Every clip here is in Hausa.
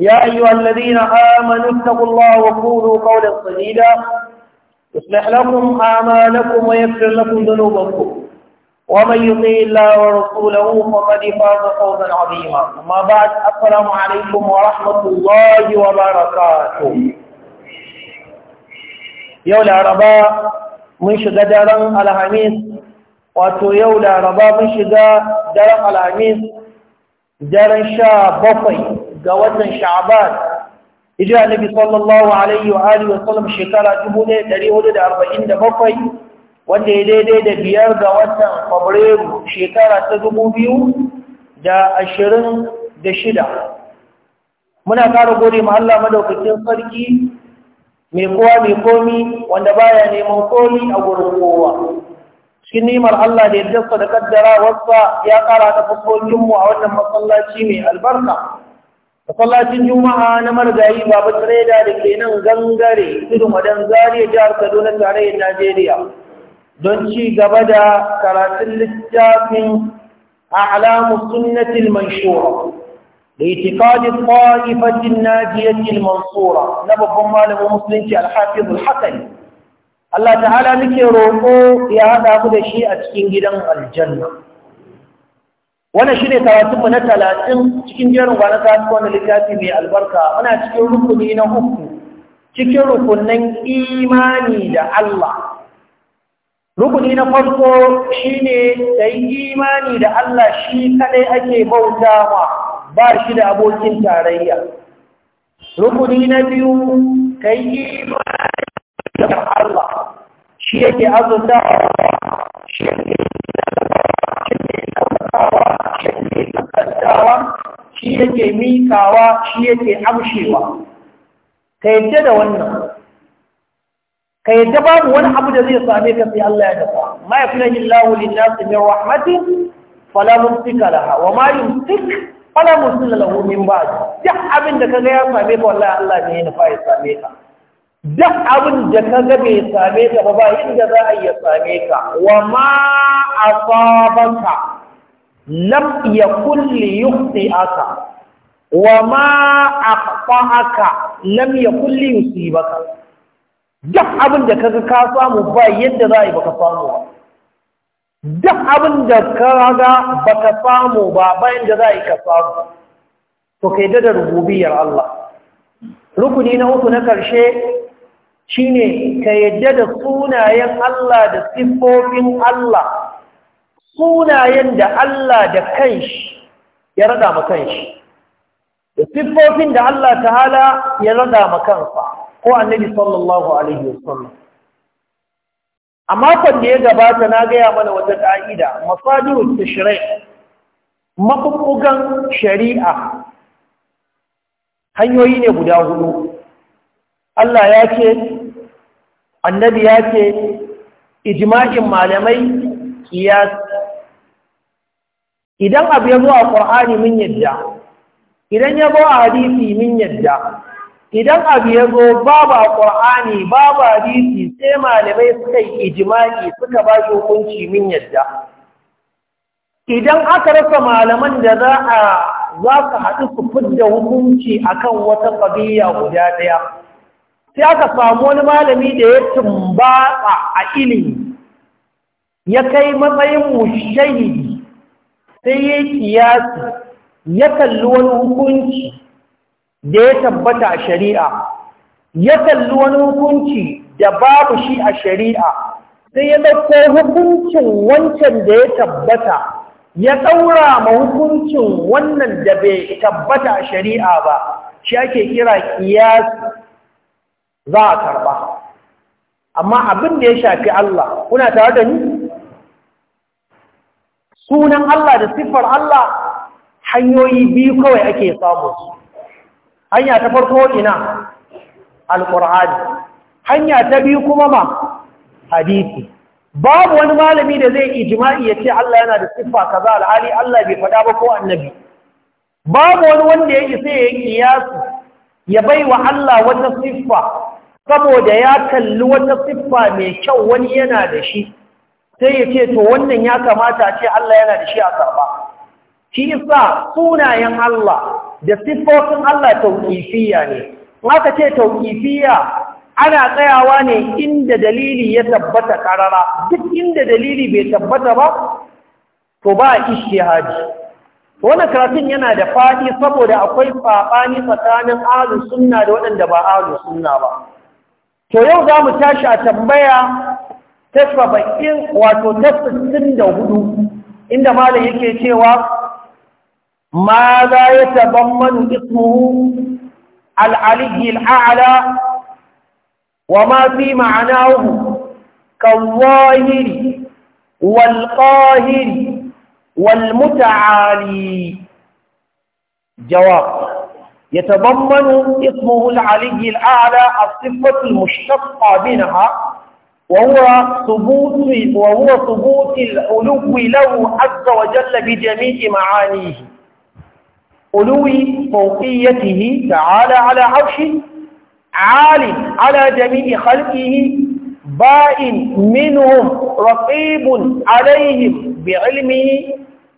يا أيها الذين آمنوا اتقوا الله وقولوا قولا سديدا يصلح لكم أعمالكم ويغفر لكم ذنوبكم ومن يطيع الله ورسوله فقد فاز فوزا عظيما أما بعد السلام عليكم ورحمة الله وبركاته يوم العرباء من شجا على الخميس واتو يوم العرباء من شجا دارا الخميس دارا شا بطي ga watan sha'ban hijira nabi sallallahu alaihi wa alihi wa sallam shekara 1447 wanda ya daidai da biyar ga watan fabrairu shekara ta 2026 muna ƙara gode ma Allah madaukakin sarki mai kowa mai komi wanda baya neman komi a gurin kowa cikin nimar Allah da ya yadda da kaddara wasa ya kara ta fuskokinmu a wannan masallaci mai albarka masallacin juma'a na marigayi baba tireda da ke nan gangare tudun wadan zariya jihar kaduna tarayyar najeriya don ci gaba da karatun littafin a'lamu sunnatil manshura da itikadin ƙwa'ifatin najiyatil mansura na babban malamin musulunci alhafizul hakan Allah ta'ala muke roƙo ya haɗa mu da shi a cikin gidan aljanna wannan shi ne karatunmu na talatin cikin jerin gwanon karatu wani littafi mai albarka muna cikin rukuni na uku cikin rukunin imani da Allah rukuni na farko shi ne da imani da Allah shi kadai ake bauta ma ba shi da abokin tarayya rukuni na biyu ka yi imani da Allah shi yake azurta shi yake sakawa shi yake mikawa shi yake amshewa ka yadda da wannan ka yadda babu wani abu da zai same ka sai Allah ya dafa ma yafnahi na lin-nasi min rahmatin fala mumsika laha wa ma yumsik fala mursila lahu min ba'd duk abin da kaga ya same ka wallahi Allah ne ya nufa ya same ka duk abin da kaga bai same ka ba ba inda za a yi ya same ka wa ma asabaka lam yakun li yukhti'aka wa ma aka lam yakun li yusibaka duk abin da kaga ka samu ba yadda za yi baka samu ba duk abin da kaga baka samu ba bayan da za a yi ka samu to kai da rububiyar Allah rukuni na uku na karshe shine ka yadda da sunayen Allah da siffofin Allah sunayen da Allah da kanshi ya rada ma kanshi da siffofin da Allah ta hala ya rada ma kansa ko annabi sallallahu alaihi wasallam a makon da ya gabata na gaya mana wata ƙa'ida masadirun shirai. mabubbugan shari'a hanyoyi ne guda hudu Allah ya ce annabi ya ce ijma'in malamai kiyas idan abu ya zo a ƙur'ani mun yadda idan ya zo a hadisi mun yadda idan abu ya zo babu a ƙur'ani babu hadisi sai malamai suka yi ijima'i suka ba shi hukunci mun yadda idan aka rasa malaman da za a za su haɗu su fidda hukunci akan wata ƙabiya guda ɗaya sai aka samu wani malami da ya tumbatsa a ilimi ya kai matsayin mushahidi sai ya yi kiyasi ya kalli wani hukunci da ya tabbata a shari'a ya kalli wani hukunci da babu shi a shari'a sai ya ɗauko hukuncin wancan da ya tabbata ya ɗaura ma hukuncin wannan da bai tabbata a shari'a ba shi ake kira kiyasi za a karɓa amma abin da ya shafi Allah kuna tare da ni sunan Allah da siffar Allah hanyoyi biyu kawai ake samu hanya ta farko ina alƙur'ani hanya ta biyu kuma ma hadisi babu wani malami da zai ijma'i ya ce Allah yana da siffa kaza al'ali Allah bai faɗa ba ko annabi babu wani wanda ya isa ya kiyasu ya bai wa Allah wata siffa saboda ya kalli wata siffa mai kyau wani yana da shi sai ya ce to wannan ya kamata a ce Allah yana da shi a karba shi sa sunayen Allah da siffofin Allah tauqifiyya ne maka ce tauqifiyya ana tsayawa ne inda dalili ya tabbata karara duk inda dalili bai tabbata ba to ba ishtihadi wannan karatun yana da fadi saboda akwai fafani tsakanin ahlus sunna da waɗanda ba ahlus sunna ba to yau za mu tashi a tambaya تسرى بأكين واتو تسرى إن ما ماذا يتضمن اسمه العلي الأعلى وما في معناه كالظاهر والقاهر والمتعالي جواب يتضمن اسمه العلي الأعلى الصفة المشتقة منها وهو ثبوت وهو ثبوت العلو له عز وجل بجميع معانيه علو فوقيته تعالى على عرشه عال على جميع خلقه بائن منهم رقيب عليهم بعلمه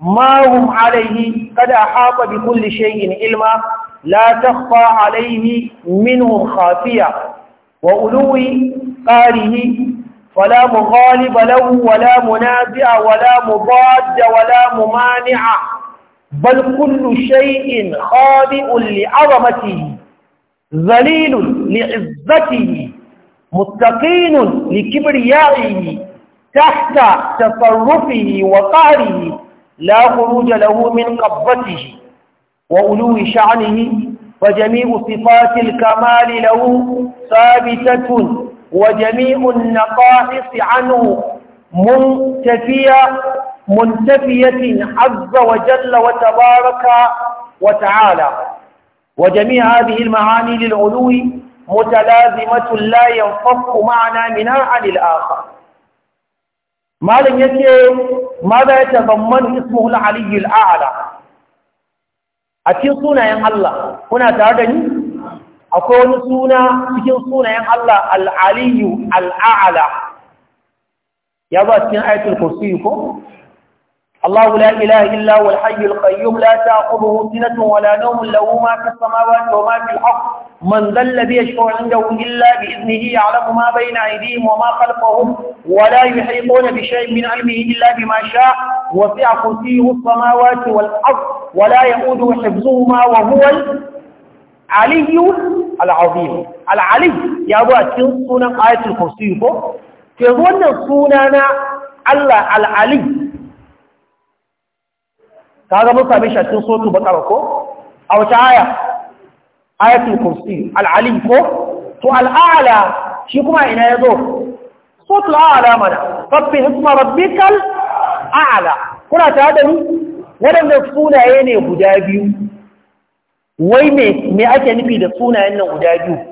ما هم عليه قد أحاط بكل شيء علما لا تخفى عليه منهم خافية وألو قاره ولا مغالب له ولا منازع ولا مضاد ولا ممانع بل كل شيء خاضع لعظمته ذليل لعزته متقين لكبريائه تحت تصرفه وقهره لا خروج له من قبضته وألو شعنه وجميع صفات الكمال له ثابتة وجميع النقائص عنه منتفية منتفية عز وجل وتبارك وتعالى وجميع هذه المعاني للعلو متلازمة لا ينفق معنى منها عن الآخر ما لم ماذا يتضمن اسمه العلي الأعلى أتصنع يا الله هنا تعدني akwai wani suna cikin sunayen Allah al'aliyu al'a'ala ya ba cikin aikin kursi ko? Allahu la ilaha illa wal hayyul qayyum la ta'khudhuhu sinatun wa la nawmun lahu ma fis samawati wa ma fil ardh man dhal ladhi yashfa'u 'indahu illa bi idhnihi ya'lamu ma bayna aydihim wa ma khalfahum wa la yuhituna bi shay'in min 'ilmihi illa bima sha'a wa wasi'a kursiyyuhu as-samawati wal ardh wa la ya'uduhu hifdhuhuma wa huwa aliyu al'azim al'ali ya zo a cikin sunan ayatul kursi ko ke wannan suna na Allah al'ali ta ga mun same shi a cikin sotu bakara ko a wace aya ayatul kursi al'ali ko to al'ala shi kuma ina ya zo sotu al'ala mana fafi hikma rabbikal a'ala kuna tare da ni waɗannan sunaye ne guda biyu wai me ake nufi da sunayen nan guda biyu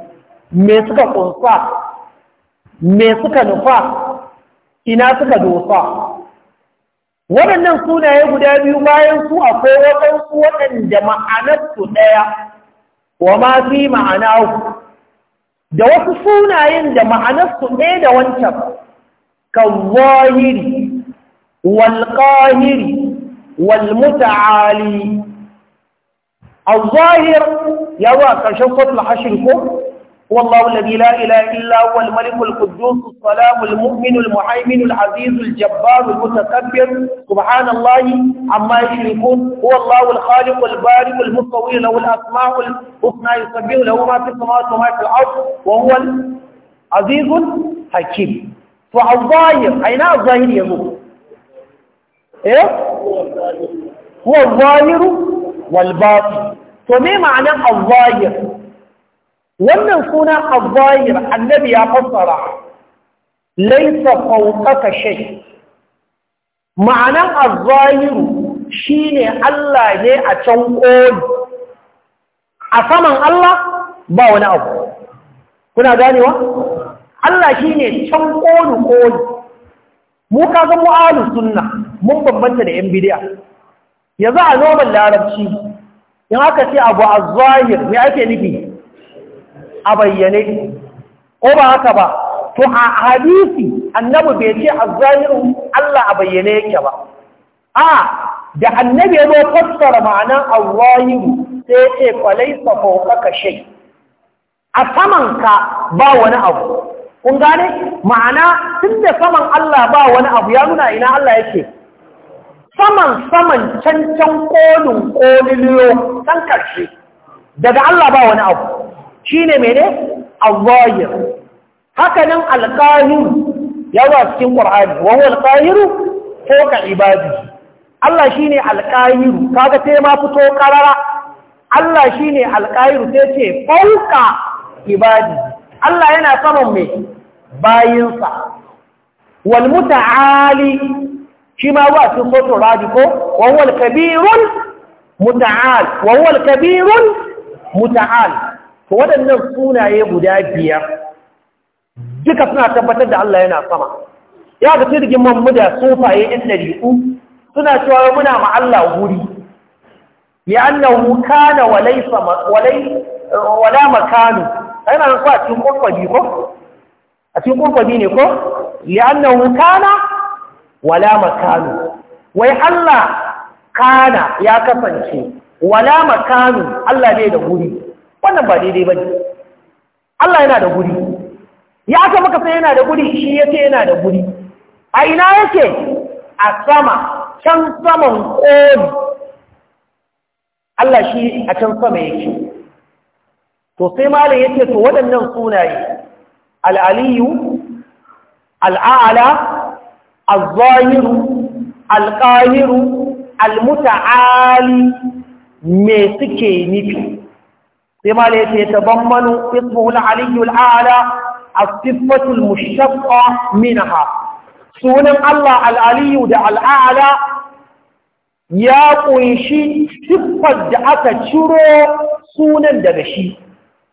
me suka kunsa me suka nufa ina suka dosa waɗannan sunaye guda biyu bayan su akwai waɗansu waɗanda ma'anarsu ɗaya wa ma fi ma'ana da wasu sunayen da ma'anarsu ɗaya da wancan kan zahiri wal qahiri الظاهر يا واقع شوفت لحشركم هو الله الذي لا إله إلا هو الملك القدوس السلام المؤمن المهيمن العزيز الجبار المتكبر سبحان الله عما يشركون هو الله الخالق البارئ المستوي له الأسماء الحسنى يسبح له ما في السماوات وما في الأرض وهو العزيز الحكيم فالظاهر أين الظاهر يقول إيه هو الظاهر wal batin to me ma'anar al-zahir wannan suna al-zahir annabi ya fassara laisa fawqaka shay ma'anar al-zahir shine Allah ne a can koli a saman Allah ba wani abu kuna ganewa Allah shine can koli koli mu kaga mu ahlus sunna mun bambanta da yan bid'a yanzu a noman larabci in aka ce abu a zahir mai ake nufi a bayyane ko ba haka ba to a hadisi annabi bai ce a Allah a bayyane yake ba a da annabi ya zo fassara ma'anan a zahiru sai ce kwalai ka shai a samanka ba wani abu kun gane ma'ana tun da saman Allah ba wani abu ya nuna ina Allah yake saman saman cancan kolin koliliyo san karshe daga Allah ba wani abu shine mene al-zahir hakanan yawa cikin qur'ani wani huwa ko ka ibadi Allah shine al Ka kaga sai ma fito karara Allah shine ne qahir sai ce fauka ibadi Allah yana saman mai bayinsa walmutaali shi ma ba cikin sotun radi ko wawal kabirun muta'al wawal kabirun muta'al to waɗannan sunaye guda biyar duka suna tabbatar da Allah yana sama ya ga sirgin mamu da sufaye ɗin ɗari'u suna cewa muna ma Allah guri ya annahu kana walaysa walay wala makanu ana nan ko a cikin kurfabi ko a cikin kurfabi ne ko ya annahu wala makanu wai Allah kana ya kasance wala makanu Allah ne da guri wannan ba daidai ba Allah yana da guri ya aka maka sai yana da guri shi ya yana da guri a ina yake a sama can saman ƙoni Allah shi a can sama yake to sai malam yake to waɗannan sunaye al'aliyu al'a'ala al-zahiru al-qahiru al-muta'ali me suke nufi sai ma da yake tabammanu ismuhu al-aliyyu ala as-sifatu minha sunan Allah al da al ya kunshi siffar da aka ciro sunan daga shi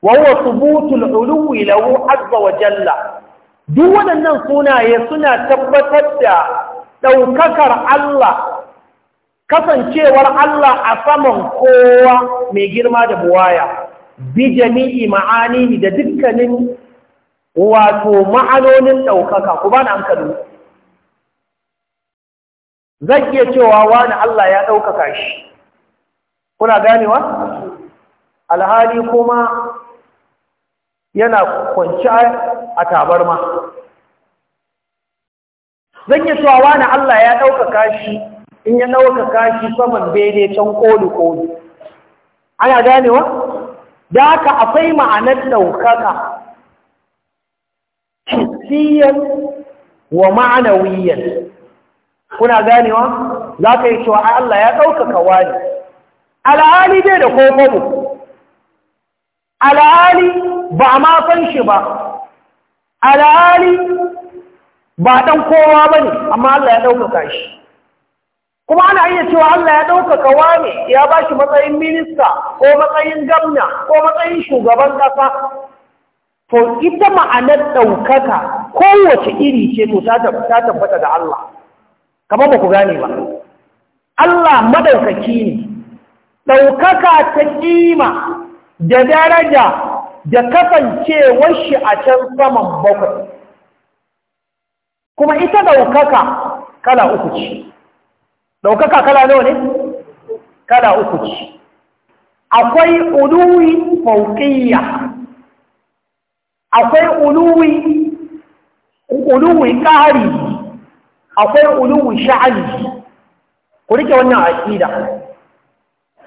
wa huwa thubutul uluwi lahu azza wa jalla duk waɗannan sunaye suna tabbatar da ɗaukakar Allah kasancewar Allah a saman kowa mai girma da buwaya bi jami'i ma'ani da dukkanin wato ma'anonin ɗaukaka ku ba na hankali zan iya cewa wani Allah ya ɗaukaka shi kuna ganewa alhali kuma yana kwanci a tabarma zan yi cewa na Allah ya ɗaukaka shi in ya ɗaukaka shi saman bene can koli-koli ana ganewa da haka akwai ma'anar ɗaukaka kisiyar wa wiyar. kuna ganewa za ka yi cewa Allah ya ɗaukaka wani al'ali dai da mu. alhali ba ma san shi ba alhali ba dan kowa bane amma Allah ya ɗaukaka shi kuma ana iya cewa Allah ya ɗaukaka ne ya bashi matsayin minista ko matsayin gamna ko matsayin shugaban ƙasa to ita ma'anar ɗaukaka kowace iri ce to ta tabbata da Allah kamar ba ku gane ba Allah madaukaki ne ɗaukaka ta ƙima da daraja da kasancewar shi a can saman bakwai kuma ita ɗaukaka kala uku ce ɗaukaka kala nawa ne kala uku ce akwai uluwi fauƙiyya akwai uluwi uluwi ƙari akwai uluwi sha'ali ku rike wannan aƙida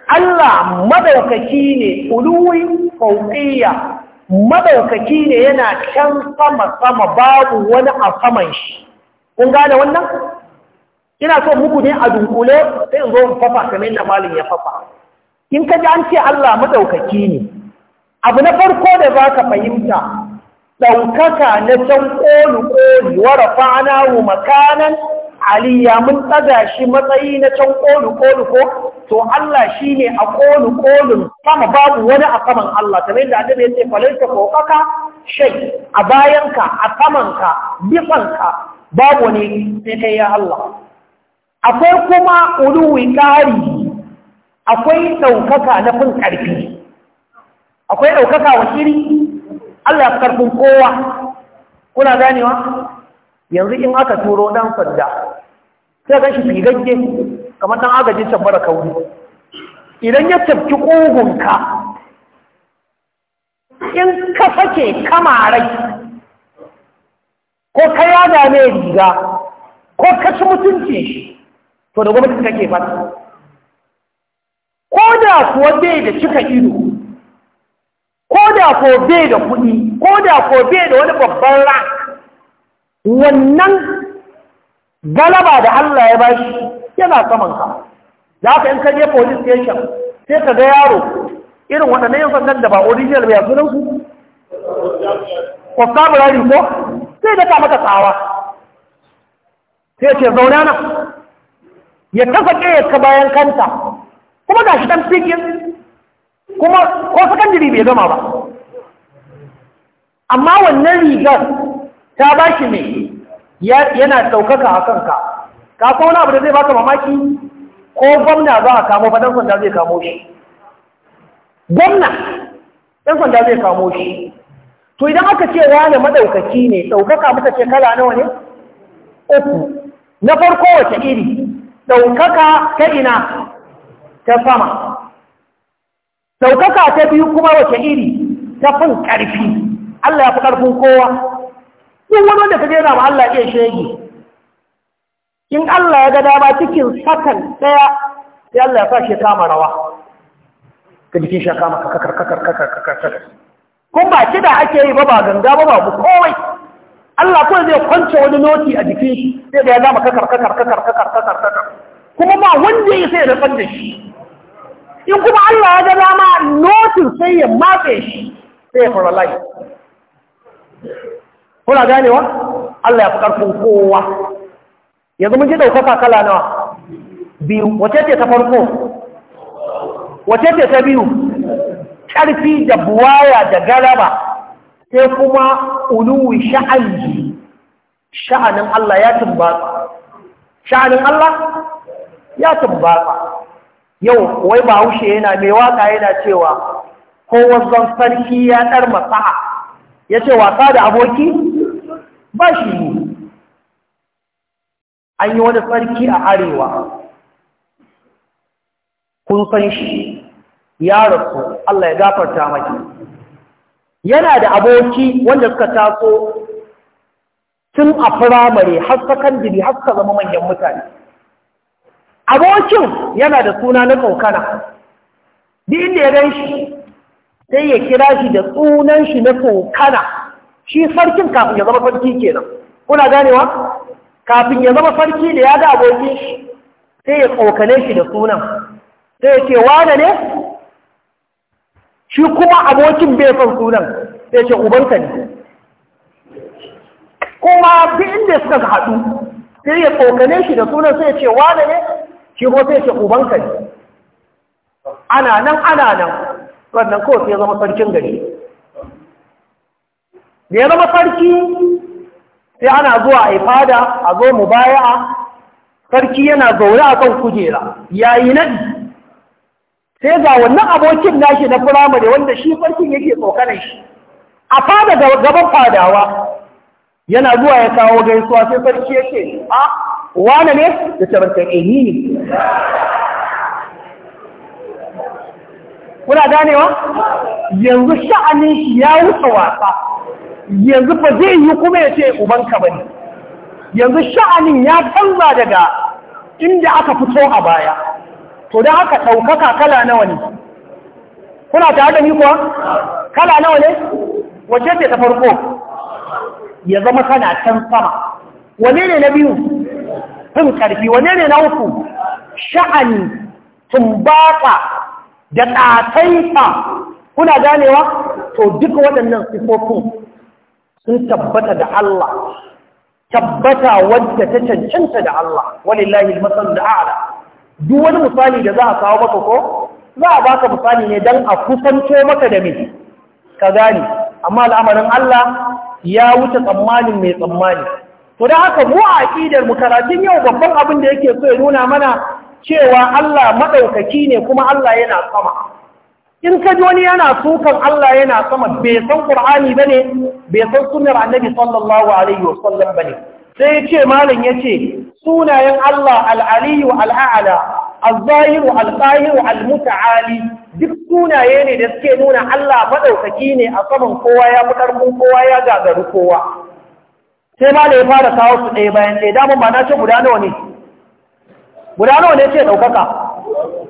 Allah madaukaki ne uluwi fauqiyya madaukaki ne yana can sama sama babu wani a saman shi kun gane wannan ina so muku ne a dunkule sai in zo in fafa kamar yadda malin ya fafa in ka ji an ce Allah madaukaki ne abu na farko da za ka fahimta ɗaukaka na can kolu kolu wa rafa'ana makanan aliyya mun ɗaga shi matsayi na can ƙolu ƙolu ko to Allah shi ne a ƙolu ƙolun sama babu wani a saman Allah kamar yadda annabi ya ce falaita kokaka shai a bayanka a samanka bisanka babu ne sai kai ya Allah akwai kuma uluwi ƙari akwai ɗaukaka na fin ƙarfi akwai ɗaukaka wa shiri Allah ya karfin kowa kuna ganewa yanzu in aka turo ɗan sanda sai ga shi figagge kamar ɗan agajin can mara kauri idan ya tafki ƙugunka in ka sake kamarai ko ka ya mai riga ko ka ci mutunci shi to da gwamnati kake fata ko da kuwa bai da cika ido ko da ko bai da kuɗi ko da ko bai da wani babban ra wannan galaba da Allah ya bashi yana saman ka za ka yin ka police station sai ka ga yaro irin waɗannan yin sannan da ba original ba ya sunan su constabulary ko sai da ka maka tsawa sai ce zauna nan ya kasa ƙeyar ka bayan kanta kuma ga shi ɗan fikin kuma ko sakandiri bai gama ba amma wannan rigar ta ba shi ne yana ɗaukaka a kanka ka wani abu da zai baka mamaki ko gwamna za a kamo ba ɗan sanda zai kamo shi gwamna ɗan sanda zai kamo shi to idan aka ce wane maɗaukaki ne ɗaukaka mata ce kala nawa ne uku na farko wace iri ɗaukaka ta ina ta sama ɗaukaka ta biyu kuma wace iri ta fin ƙarfi Allah ya fi ƙarfin kowa duk wani wanda kaje yana ma Allah iya shege in Allah ya ga dama cikin sakan ɗaya sai Allah ya sa shi kama rawa ka jikin shi kama kakar kakar kakar kakar kun ba kida ake yi ba ba ganga ba ba ku kowai Allah kawai zai kwance wani noti a jikin shi sai da ya zama kakar kakar kakar kakar kakar kakar kuma ba wanda ya sai da san da shi in kuma Allah ya ga dama notin sai ya matse shi sai ya fara layi kuna ganewa Allah ya fi ƙarfin kowa yanzu mun ji ɗaukaka kala nawa biyu wace ce ta farko wace ce ta biyu ƙarfi da buwaya da garaba. sai kuma uluwi sha'ani, sha'anin Allah ya tumbatsa sha'anin Allah ya tumbatsa yau wai ba haushe yana mai waka yana cewa ko sarki ya ɗar masaha ya ce wasa da aboki ba shi ne an yi wani tsarki a arewa kun san shi ya rasu Allah ya gafarta maki yana da aboki wanda suka taso tun a firamare har sakandiri har suka zama manyan mutane abokin yana da suna na kaukana duk inda ya gan shi sai ya kira shi da sunan shi na kaukana shi sarkin kafin ya zama sarki kenan kuna ganewa kafin ya zama sarki da ya ga abokin shi sai ya tsokane shi da sunan sai ya ce wane ne shi kuma abokin bai son sunan sai ce ubanka ne kuma fi inda suka haɗu sai ya tsokane shi da sunan sai ya ce wane ne shi kuma sai ya ce ubanka ne ana nan ana nan wannan kawai sai ya zama sarkin gari da ya zama sarki sai ana zuwa a ifada a zo mu baya sarki yana zaune a kan kujera yayi nan sai ga wannan abokin nashi na firamare wanda shi sarkin yake tsokanar shi a fada gaban fadawa yana zuwa ya kawo gaisuwa sai sarki ya ce a wane ne da tabbatar ehi ne kuna ganewa yanzu sha'anin shi ya wuce wasa yanzu ba zai yi kuma ya ce ubanka ba ne yanzu sha'anin ya canza daga inda aka fito a baya to da aka ɗaukaka kala nawa ne kuna tare da ni kala nawa ne wace ce ta farko ya zama kana can sama wane ne na biyu fin ƙarfi? wane ne na uku sha'ani tumbata da tsatsaita kuna ganewa to duk waɗannan sifofin sun tabbata da Allah tabbata wadda ta cancanta da Allah walillahi al-masal da'ala duk wani misali da za a kawo maka ko za a baka misali ne dan a kusanto maka da me ka gane amma al'amarin Allah ya wuce tsammanin mai tsammani to da haka mu a aqidar mu karatun yau babban abin da yake so ya nuna mana cewa Allah madaukaki ne kuma Allah yana sama in ka ji wani yana sukan Allah yana sama bai san ba ne, bai san sunar Annabi sallallahu alaihi wasallam ne, sai ya ce malam ya ce sunayen Allah Al'Aliyu al’a’ala, al-A'la al al al-Muta'ali duk sunaye ne da suke nuna Allah maɗaukaki ne a saman kowa ya fi kowa ya gagaru kowa sai ma ya fara kawo su ɗaya bayan ɗaya damar ba na ce guda nawa ne guda nawa ne ce ɗaukaka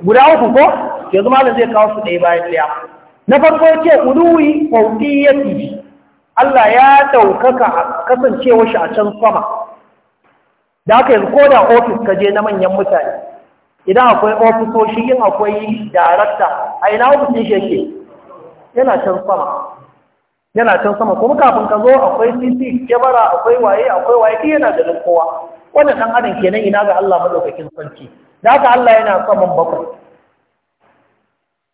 guda uku ko yanzu malam zai kawo su ɗaya bayan ɗaya na farko ce uluwi fawqiyati Allah ya ɗaukaka a kasancewa shi a can sama da aka yanzu ko da ofis ka je na manyan mutane idan akwai ofisoshi yin akwai darakta a ina ofis ne shi yake yana can sama yana can sama kuma kafin ka zo akwai cc kyamara akwai waye akwai waye ɗi yana da kowa wannan ɗan adam kenan ina ga Allah maɗaukakin sarki da haka Allah yana saman bakwai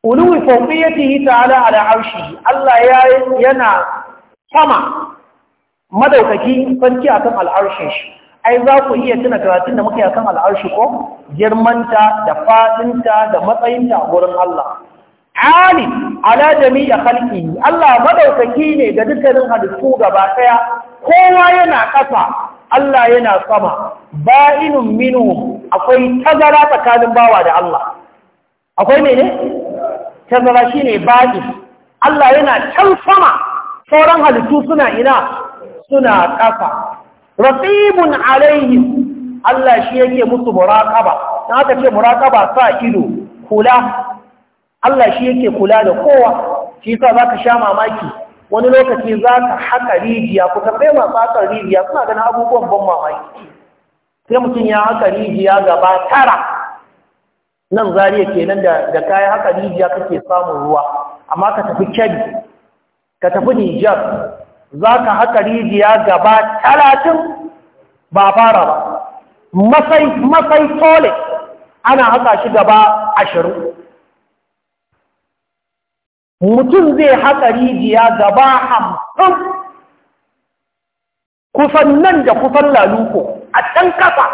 uluwi fawqiyatihi ta'ala ala arshi Allah ya yana sama madaukaki sarki akan al'arshin shi ai za ku iya tuna karatun da muke akan al'arshi ko girmanta da fadinta da matsayinta a gurin Allah ali ala jami'a khalqi Allah madaukaki ne ga dukkanin halittu gaba daya kowa yana ƙasa Allah yana sama ba'inun minu akwai tazara tsakanin bawa da Allah akwai mene tazara ne baɗi Allah yana can sama sauran halittu suna ina suna ƙasa rasibun alaihim Allah shi yake musu muraqaba dan aka ce muraqaba sa ido kula Allah shi yake kula da kowa shi za zaka sha mamaki wani lokaci zaka haka rijiya ku tambaye masu haka rijiya suna ganin abubuwan ban mamaki sai mutum ya haka rijiya gaba tara nan zariya kenan da da kayan haka rijiya kake samun ruwa amma ka tafi kyabi ka tafi nijar zaka haka rijiya gaba talatin ba fara ba masai masai tole ana haka shi gaba ashirin mutum zai haka rijiya gaba hamsin kusan nan da kusan laluko a can kafa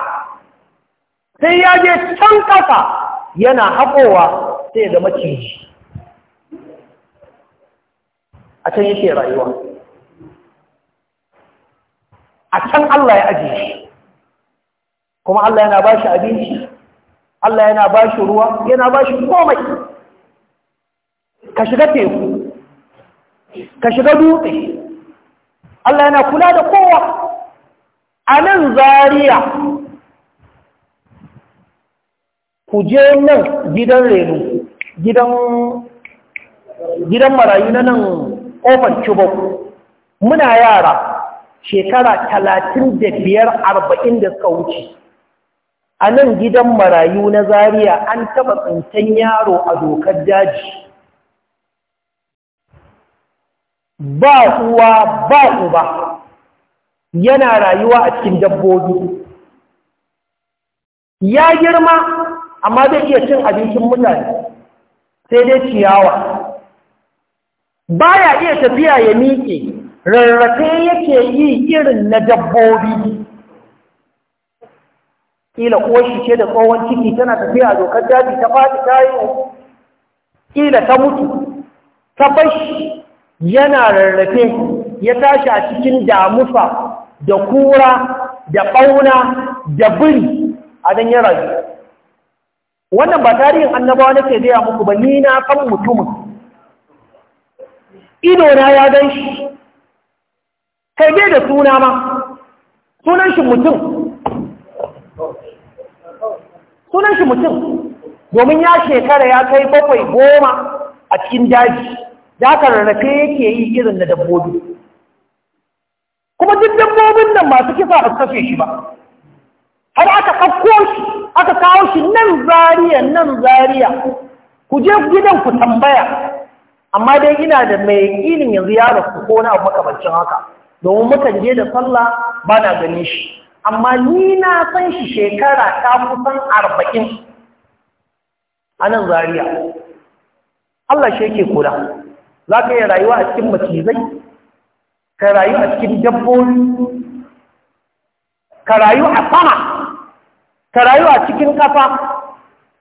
sai ya je can kafa yana haƙowa sai ga maciji a can yake rayuwa a can Allah ya ajiye shi kuma Allah yana ba shi abinci Allah yana ba shi ruwa yana ba shi komai ka shiga teku ka shiga dutse Allah yana kula da kowa a nan zariya ku je nan gidan renu gidan marayu na nan ƙofar cibok muna yara shekara talatin da biyar arba'in da suka wuce a nan gidan marayu na zariya an taɓa tsintan yaro a dokar daji ba uwa ba uba yana rayuwa a cikin dabbobi ya girma amma zai iya cin abincin mutane sai dai ciyawa Ba ya iya tafiya ya miƙe rarrafe yake yi irin na dabbobi ƙila ƙoshi ce da tsohon ciki tana tafiya a dokar daji ta faɗi ta yi ƙila ta mutu ta bashi yana rarrafe ya tashi a cikin damufa da kura da ɓauna da biri a don ya rayu wannan ba tarihin annabawa nake gaya muku ba ni na kan mutumin ido na ya gan shi kai da suna ma sunan shi mutum sunan shi mutum domin ya shekara ya kai bakwai goma a cikin daji aka rarrafe yake yi irin na dabbobi kuma duk dabbobin nan masu kisa a kashe shi ba har aka ɗauko shi aka kawo shi nan zariya nan zariya ku je gidan ku tambaya amma dai ina da mai ilin yanzu ya rasu ko na abu makamancin haka domin mukan je da sallah ba na gani shi amma ni na san shi shekara ta kusan arba'in a nan zariya Allah shi yake kula za ka yi rayuwa a cikin macizai ka rayu a cikin dabbobi ka rayu a sama ka rayu a cikin kafa,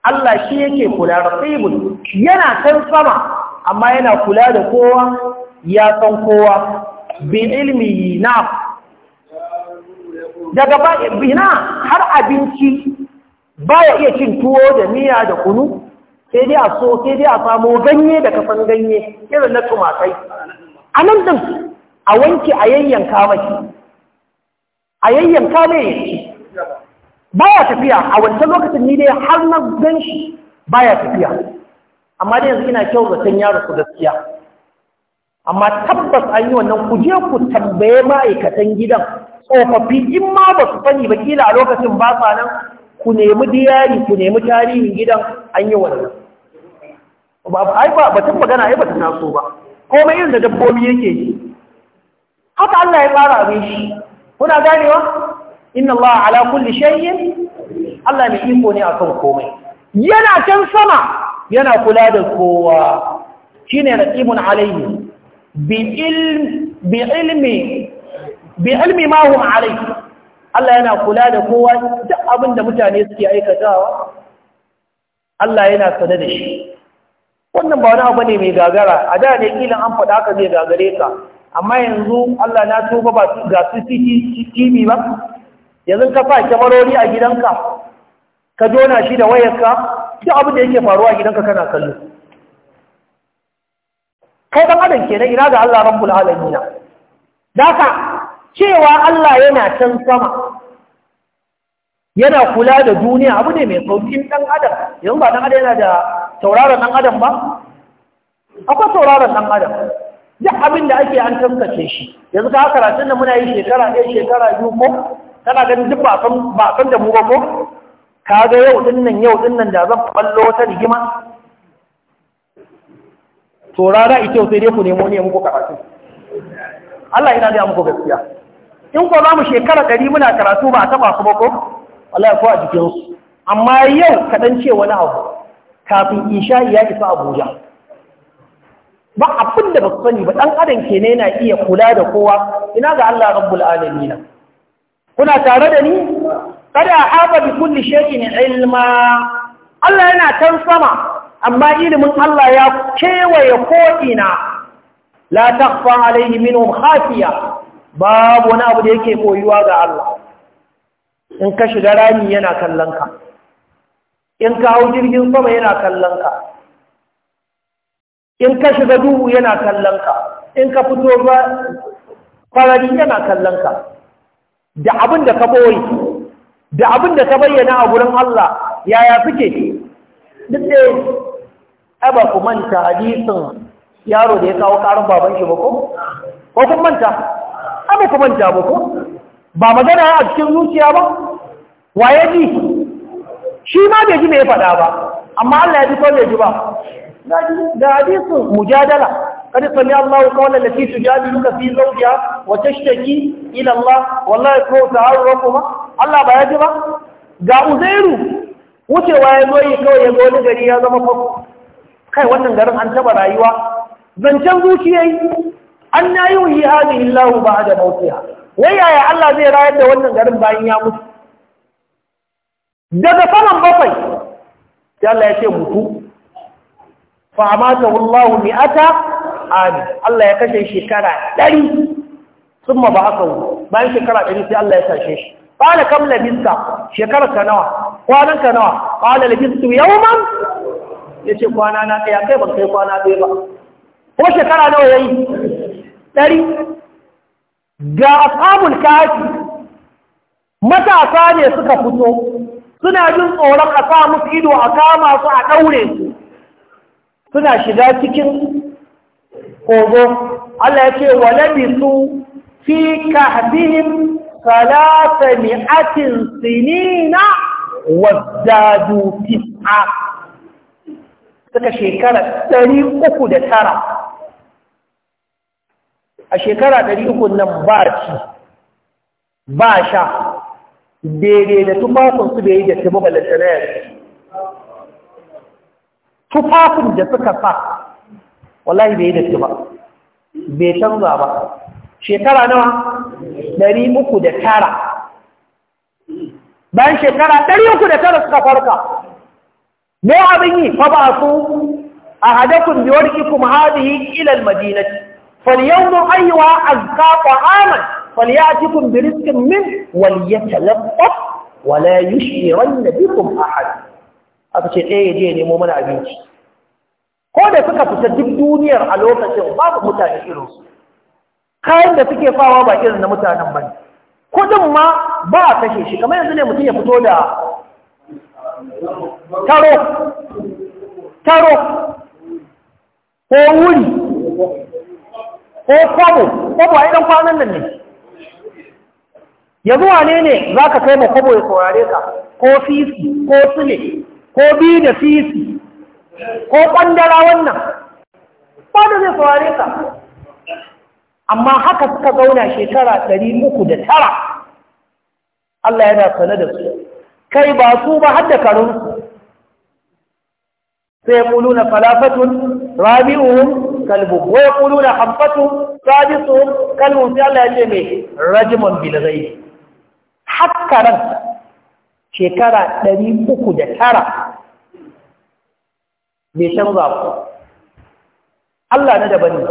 Allah shi yake kula da tsibin yana kan sama amma yana kula da kowa ya san kowa bi ilmi na daga bina har abinci baya iya cin tuwo da miya da kunu sai dai a so sai dai a samu ganye da kafan ganye irin na tumakai a nan din a wanke a yayyanka mashi a yayyanka mai Ba ya tafiya a wancan lokacin ni dai har na gan shi baya tafiya amma dai yanzu ina kyau zaton yaro ku gaskiya amma tabbas an yi wannan ku je ku tambaye ma'aikatan gidan tsofaffi in ma ba su fani ba kila a lokacin ba sa nan ku nemi diyari ku nemi tarihin gidan an yi wannan ai ba batun magana ai ba komai irin da dabbobi yake yi haka Allah ya fara abin shi kuna ganewa inna Allah ala kulli shay'in Allah mai iko ne akan komai yana can sama yana kula da kowa shine raqibun alayhi bi ilmi bi ilmi bi ilmi ma hum alayhi Allah yana kula da kowa duk abin da mutane suke aikatawa Allah yana sane da shi wannan ba wani abu ne mai gagara a da ne kila an faɗa ka zai gagare ka amma yanzu Allah na tuba ba ga su ba yanzu ka sa kyamarori a gidanka ka jona shi da wayarka duk abin da yake faruwa a gidanka kana kallo kai ɗan adam ke na ina ga Allah rabbul alamin daka cewa Allah yana can sama yana kula da duniya abu ne mai saukin ɗan adam yanzu ba ɗan adam yana da tauraron ɗan adam ba akwai tauraron ɗan adam duk abin da ake an tankace shi yanzu ka karatun da muna yi shekara ɗaya shekara biyu ko kana ganin duk ba san ba san da mu ba ko ka ga yau din nan yau din nan da zan ballo wata rigima to rana ita sai dai ku nemo ne muku karatu Allah ina da muku gaskiya in ko za mu shekara ɗari muna karatu ba a taɓa su ba ko wallahi ko a su. amma yau kaɗan ce wani abu kafin isha ya isa abuja ba abin da ba sani ba Dan adam ke ne yana iya kula da kowa ina ga Allah rabbul alamin kuna tare da ni kada haɓa bi kulli shay'in ilma Allah yana can sama amma ilimin Allah ya kewaye ko'ina la takhfa alayhi minhum khafiya babu wani abu da yake koyuwa ga Allah in ka shiga rami yana kallon ka in ka hau jirgin sama yana kallon ka in ka shiga duhu yana kallon ka in ka fito ba farari yana kallon ka da abin da ka boye da abin da ka bayyana a gurin Allah yaya suke duk da ai ba ku manta hadisin yaro da ya kawo karin baban shi ba ko ko kun manta ai ba ku manta ba ko ba magana a cikin zuciya ba waye ji shi ma bai ji me ya faɗa ba amma Allah ya ji ko bai ji ba da hadisin mujadala قد سمع الله قول التي تجادلك في زوجها وتشتكي إلى Allah! والله هو تعرفها kuma? Allah ba ya ji ba? ga uzairu wucewa ya zo kawai ya zo wani gari ya zama kwakwa? kai wannan garin an taba rayuwa zancen zuciyai an na yi wuyi hadihi illahu ba da wai yaya Allah zai rayar da wannan garin bayan ya mutu daga saman bakwai sai Allah ya ce mutu fa amatahu mi'ata Qur'ani Allah ya kashe shekara ɗari sun ma ba aka bayan shekara ɗari sai Allah ya sashe shi Ba qala kam labista shekarar ka nawa kwanan ka nawa qala labistu Ya ce kwana na kai kai ban kai kwana ɗaya ba ko shekara nawa ya yi? ɗari ga ashabul kafi matasa ne suka fito suna jin tsoron a sa musu ido a kama su a ɗaure su suna shiga cikin kogo Allah ya ce walabisu fi kahbihim salata wà dájú wazdadu a suka shekara tara. a shekara uku nan ba ci ba sha daidai da su bai yi da tibu balantana yanzu tufafin da suka sa wallahi bai yi datti ba bai canza ba shekara nawa ɗari uku da tara bayan shekara ɗari uku da tara suka farka me abin yi fa ba su a hadakun biyar ikum hadihi ilal madinati فليوم أيها أزكى طعاما فليأتكم min منه وليتلطف ولا يشعرن bikum أحد aka ce ɗaya eh, je nemo mana abinci ko da suka fita duk duniyar a lokacin babu mutane irinsu kayan da suke fawa ba irin na mutanen ba ne kudin ma ba a kashe shi kamar yanzu ne mutum ya fito da taro taro ko wuri ko kwamo, kwabo a idan kwanan nan ne yanzu wane ne za ka kai ma kwabo ya saurare ka ko fisi ko sule ko biyu da fisi ko ƙwandara wannan ba da zai saurare ka amma haka suka zauna shekara ɗari uku da tara Allah yana sane da su kai ba su ba hada karun Sai sai na falafatun rabi'un kalbu wa na hamfatu sadisuhum kalbu sai Allah ya ce mai rajiman bil hakkaran shekara ɗari uku da tara bai san ba Allah na daban ne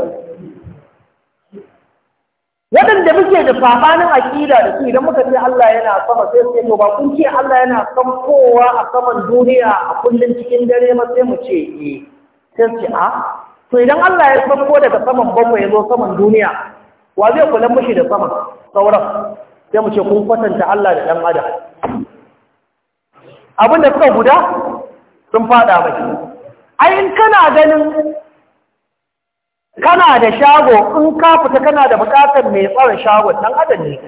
waɗanda muke da sabanin aƙida da su idan muka ce Allah yana sama sai su to ba kun ce Allah yana san kowa a saman duniya a kullum cikin dare ma sai mu ce eh sai ce a to idan Allah ya ko daga saman babu ya zo saman duniya wa zai kula mushi da saman sauran sai mu ce kun kwatanta Allah da ɗan adam abin da suka guda sun fada mai ayin kana ganin kana da shago in ka fita kana da bukatar mai tsara shago dan adam ne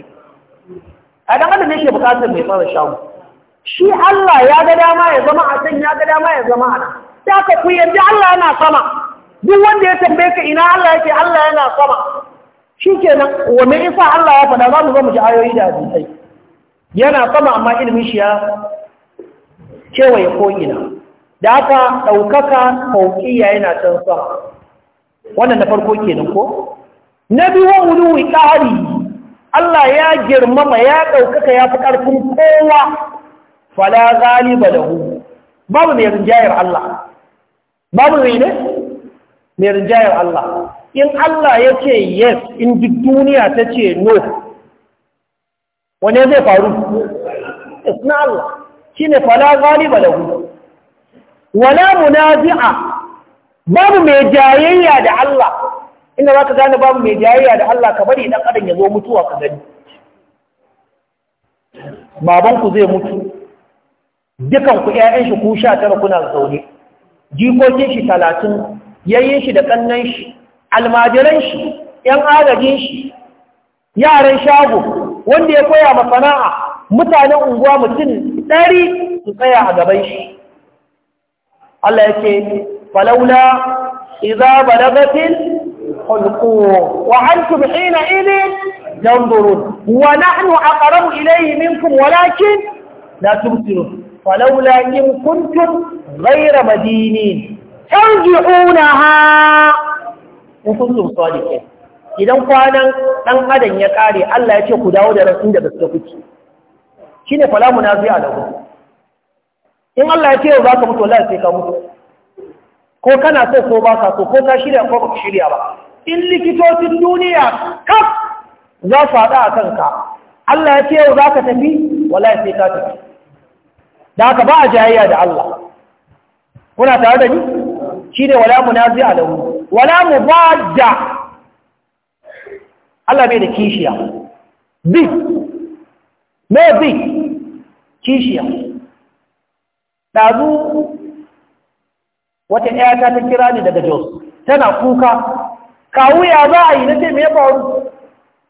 a dan adam ne ke bukatar mai tsara shago shi Allah ya ga dama ya zama a can ya ga dama ya zama a nan ta ka ku yanzu Allah yana sama duk wanda ya tambaye ka ina Allah yake Allah yana sama Shi nan, wa me yasa Allah ya faɗa za mu zo mu ji ayoyi da hadisai yana sama amma ilimin shi ya kewaye ko ina da aka ɗaukaka fauƙiya yana can sama wannan na farko nan ko na biyu wani ƙari Allah ya girmama ya ɗaukaka ya fi ƙarfin kowa fala galiba da hu babu mai rinjayar Allah babu mai ne mai rinjayar Allah in Allah ya ce yes in duk duniya ta ce no wane zai faru? isna Allah shi ne fala galiba da hu wala munazi'a babu mai jayayya da Allah inda zaka gane babu mai jayayya da Allah ka bari dan adam ya zo mutuwa ka gani baban ku zai mutu dukan ku ƴaƴan shi ku 19 kuna zaune jikokin shi 30 yayin shi da kannan shi almajiran shi ƴan agajin shi yaran shago wanda ya koya ma sana'a mutanen unguwa mutum 100 su tsaya a gaban shi Allah yake falaula idza balagatil hulqum wa antum hina idin yanzurun wa nahnu aqrabu ilayhi minkum walakin la tubsirun falaula in kuntum ghayra madinin tarji'unaha in kuntum sadiqin idan kwanan ɗan adam ya ƙare Allah ya ce ku dawo da rasu da gaske kuke shine falamu na zai da in Allah ya ce yau za ka mutu lafi sai ka mutu ko kana so ko ba ka so ko ka shirya ko ka shirya ba in likitocin duniya kaf za su haɗa a kanka Allah ya ce yau za ka tafi wallahi sai ka tafi da haka ba a jayayya da Allah kuna tare da ni shi ne wala mu a alahu wala mu ba da, Allah bai da kishiya bi me bi kishiya ɗazu wata ɗaya ta kira ni daga Jos, tana kuka, kawu ya za a yi na ce me faru,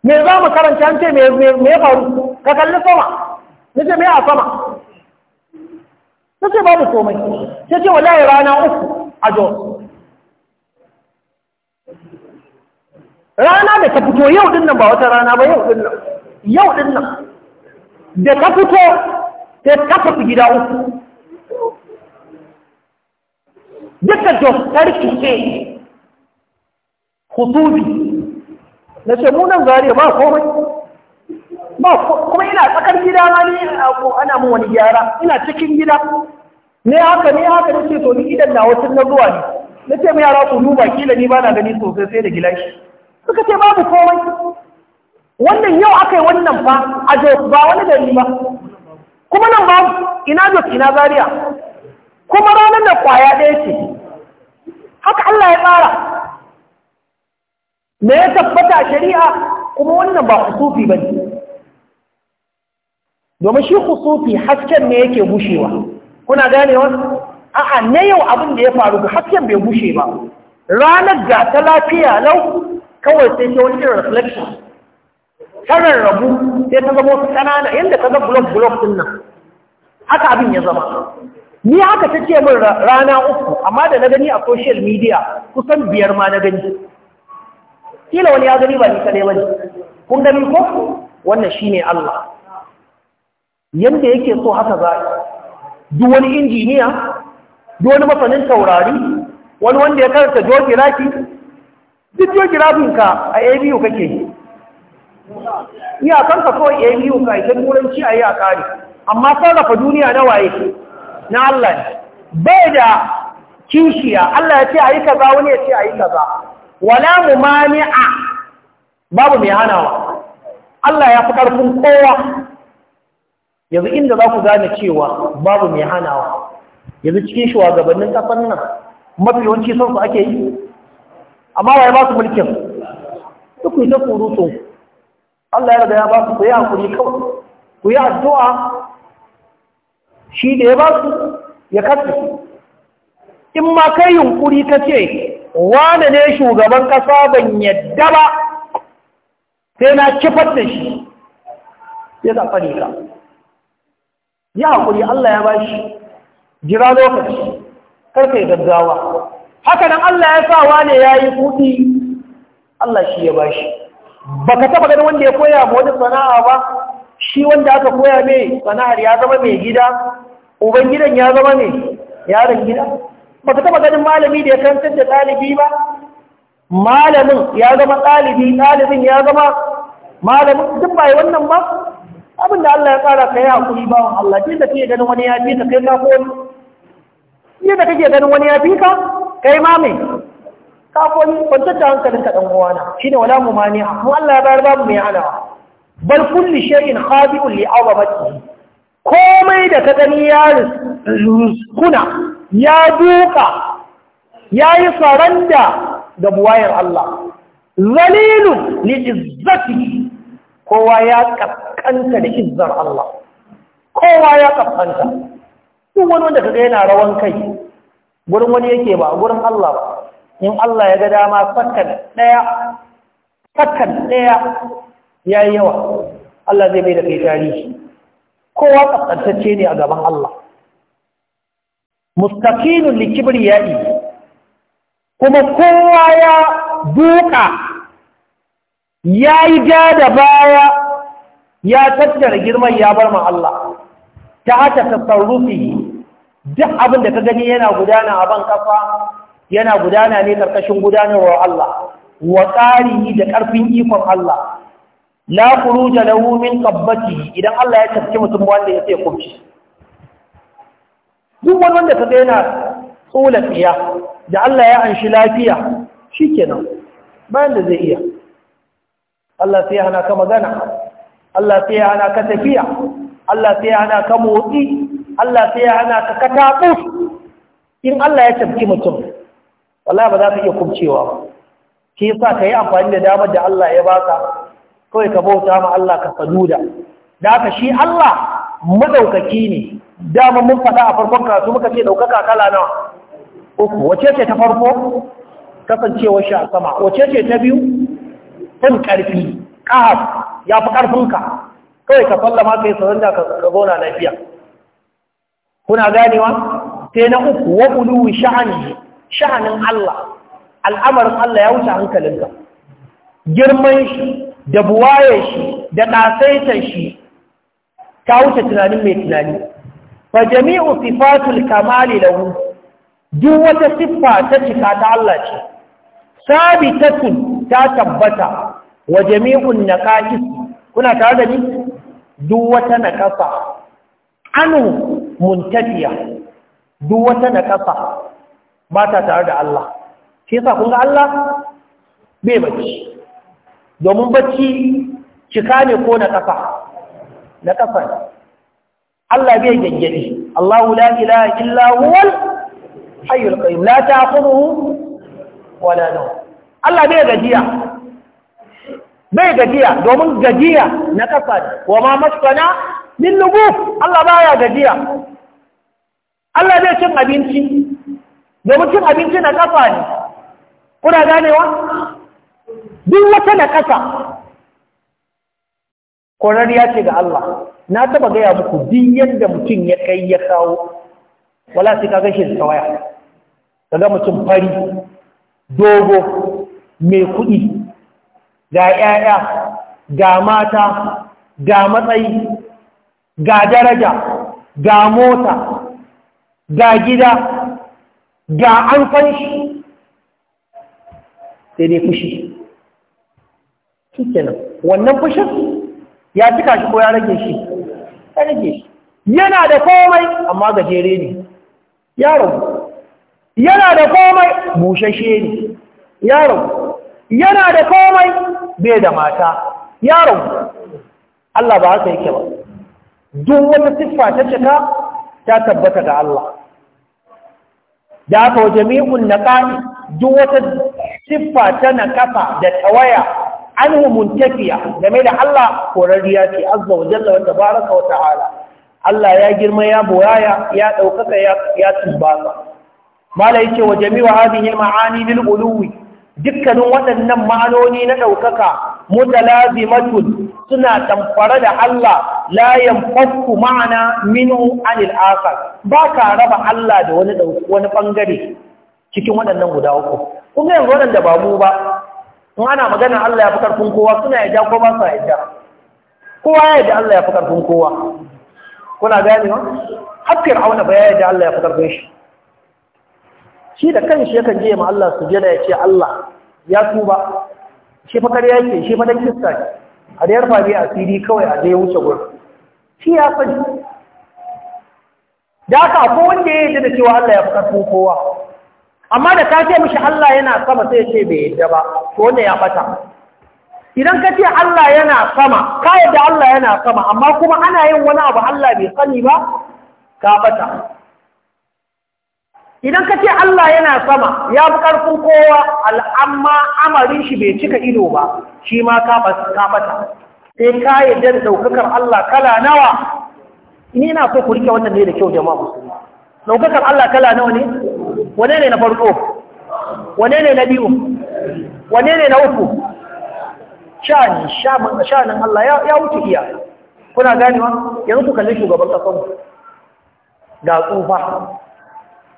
me za mu karanta an ce me faru, ka kalli sama, na ce me a sama. Na ce mu komai, ta ce wallahi rana uku a Jos. Rana da ta fito yau dinnan ba wata rana ba yau dinnan, yau dinnan, da ta fito ta kafa gida uku. duka dokar ki ce hudubi na ce munan zariya ba komai ba kuma ina tsakar gida ma ni ana mun wani gyara ina cikin gida ne haka ne haka ce to ni idan na wasu na zuwa ne Na ce mu yara ku duba kila ni ba na gani sosai sai da gilashi suka ce babu komai wannan yau aka yi wannan fa a ba wani gari ba kuma nan babu ina jos ina zariya kuma ranar da kwaya ɗaya ce haka Allah ya tsara me ya tabbata shari'a kuma wannan ba husufi ba ne domin shi husufi hasken ne yake gushewa kuna ganewa a'a ne yau abin da ya faru ga hasken bai gushe ba ranar ga ta lafiya lau kawai sai ta wani irin reflection tarar rabu sai ta zama wasu ƙanana yadda ta ga blok blok din nan haka abin ya zama ni haka ta ce min rana uku amma da na gani a social media kusan biyar ma na gani kila wani ya gani ba ni ne wani kun gani ko wannan shi ne Allah yadda yake so haka za duk wani injiniya duk wani masanin taurari wani wanda ya karanta geography duk geographin ka a ABU kake yi iya kanka kawai ABU ka ita turanci a yi a kare amma sarrafa duniya na waye na Allah ne bai da kishiya Allah ya ce a yi kaza wani ya ce a yi kaza wala mu mani'a babu mai hanawa Allah ya fi ƙarfin kowa yanzu inda za ku gane cewa babu mai hanawa yanzu cikin gabanin ƙasar nan mafi yawanci sonsu ake yi amma ya ba su mulkin duk ku yi ta su, Allah ya riga ya ba su ku yi hakuri kawai ku yi addu'a shi da ya ba su ya kasa in ma kai yunkuri ka ce wane ne shugaban ƙasa ban yadda ba sai na kifar da shi ya zaɓa ka ya haƙuri Allah ya ba shi jira lokaci karfe yi gaggawa haka nan Allah ya sa wane ya yi kuɗi Allah shi ya ba shi ba ka taɓa ganin wanda ya koya ma wani sana'a ba shi wanda aka koya mai sana'ar ya zama mai gida uban gidan ya zama mai yaron gida ba ka taba ganin malami da ya kantar da ɗalibi ba malamin ya zama ɗalibi ɗalibin ya zama malamin duk bai wannan ba abin da Allah ya tsara ka yi kuri ba Allah ce da kake ganin wani ya fi ka kai ka koli ce da kake ganin wani ya fi ka kai ma mai ka koli kwantar da hankalin ka ɗan uwana shine wala mu mani amma Allah ya bayar babu mai hanawa bal kulli shay'in khadi'un li 'azamatihi komai da ka gani ya ruskuna ya duka ya yi saranda da buwayar Allah zalilun li izzatihi kowa ya kaskanta da izzar Allah kowa ya kaskanta duk wani wanda kaga yana rawan kai gurin wani yake ba gurin Allah ba in Allah ya ga dama sakan daya sakan daya ya yi yawa Allah zai mai da kai tarihi kowa kaskantacce ne a gaban Allah mustaqinun li kibriyai kuma kowa ya duka yayi ja da baya ya tattara girman ya bar ma Allah ta haka tasarrufi duk abin da ka gani yana gudana a ban kafa yana gudana ne karkashin gudanarwar Allah wa da ƙarfin ikon Allah la khuruja lahu min qabbatihi idan Allah ya tafki mutum wanda ya sai duk wani wanda ka daina tsola fiya da Allah ya anshi lafiya shikenan bayan da zai iya Allah sai ya hana ka magana Allah sai ya hana ka tafiya Allah sai ya hana ka motsi Allah sai ya hana ka katabu in Allah ya tafki mutum wallahi ba za ka iya kubcewa ba shi yasa ka yi amfani da damar da Allah ya baka kawai ka bauta ma Allah ka saduda da haka shi Allah madaukaki ne dama mun faɗa a farkon kasu muka ce ɗaukaka kala nawa uku wace ce ta farko kasancewar shi a sama wace ce ta biyu fin ƙarfi ƙahas ya fi ƙarfinka kawai ka sallama ka yi da ka zauna lafiya kuna ganewa sai na uku wa uluwi sha'ani sha'anin Allah al'amarin Allah ya wuce hankalinka girman shi da buwaye shi da ɗasaitar shi ta wuce tunanin mai tunani fa jami'u sifatul kamali lahu duk wata siffa ta cika ta Allah ce sabitatun ta tabbata wa jami'un naqais kuna tare da ni duk wata ƙasa. anu muntafiya duk wata ƙasa, ba ta tare da Allah Ke yasa kun Allah bai bace domin bacci cika ne ko na ƙafa na ƙafa Allah bai gaggadi Allahu la ilaha illa huwal hayyul qayyum la ta'khudhuhu wala nawm Allah bai gajiya bai gajiya domin gajiya na ƙafa wa ma maskana min nubuf Allah baya gajiya Allah bai cin abinci domin cin abinci na ƙafa ne kuna ganewa duk wata na ƙasa ya ce ga Allah na taba gaya muku din yadda mutum ya kai ya kawo wala sai ka gashi da tawaya kaga mutum fari dogo mai kuɗi ga 'ya'ya, ga mata ga matsayi ga daraja ga mota ga gida ga an fanshi sai dai fushi nan, wannan fushin ya cika shi ko ya rage shi ya rage shi yana da komai amma gajere ne yaro yana da komai bushashe ne yaro yana da komai bai da mata yaro Allah ba haka yake ba duk wata siffa ta cika ta tabbata ga Allah da aka waje mi'un na ƙari duk wata siffa ta na kafa da tawaya mun muntafiya game da Allah korariya ce azza wa jalla wa tabaraka wa ta'ala Allah ya girma ya boyaya ya daukaka ya ya mala yake wa jami'u hadhihi ma'ani lil ulwi dukkanin waɗannan ma'anoni na daukaka mutalazimatun suna tamfara da Allah layan yanfaku ma'ana minhu anil akhar ba ka raba Allah da wani wani bangare cikin waɗannan guda uku kun yanzu waɗanda ba mu ba in ana magana Allah ya fi karfin kowa suna ya ja ko ba su ya kowa ya yadda Allah ya fi karfin kowa kuna gani wa hafiyar auna ba ya yadda Allah ya fi karfin shi shi da kanshi yakan je ma Allah su jira ya ce Allah ya tuba shi fa kariya yake shi fa dan ne a da yarfa a asiri kawai a ya wuce gurin shi ya sani da haka ko wanda ya yi da cewa Allah ya fi karfin kowa amma da ka ce mishi Allah yana sama sai ce bai yadda ba to wanda ya bata idan ka ce Allah yana sama ka yadda Allah yana sama amma kuma ana yin wani abu Allah bai sani ba ka bata idan ka ce Allah yana sama ya fi ƙarfin kowa al'amma amarin shi bai cika ido ba shi ma ka bata sai ka yadda da ɗaukakar Allah kala nawa ni so ku rike wannan ne da kyau jama'a musulmi daukakar Allah kala nawa ne wane ne na farko wane ne na biyu wane ne na uku sha'ani sha'anin Allah ya wuce iya kuna ganewa yanzu ku kalli shugaban kasan ga tsufa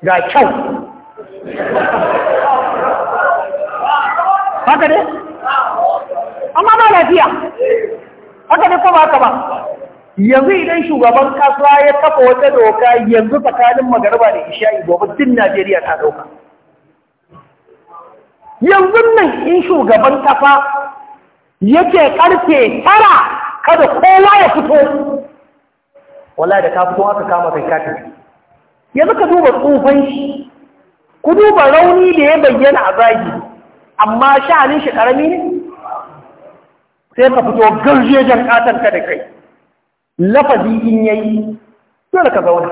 ga kyau haka ne amma ba lafiya haka ne kuma haka ba yanzu idan shugaban kasa ya kafa wata doka yanzu tsakanin magarba da isha'i gobe din Najeriya ta dauka yanzu nan in shugaban kafa yake karfe tara kada kowa ya fito wala da ka fito aka kama kai kata yanzu ka duba tsufan shi ku duba rauni da ya bayyana a zagi amma sha'anin shi karami ne sai ka fito garjejen katon da kai lafazi in yayi dole ka zauna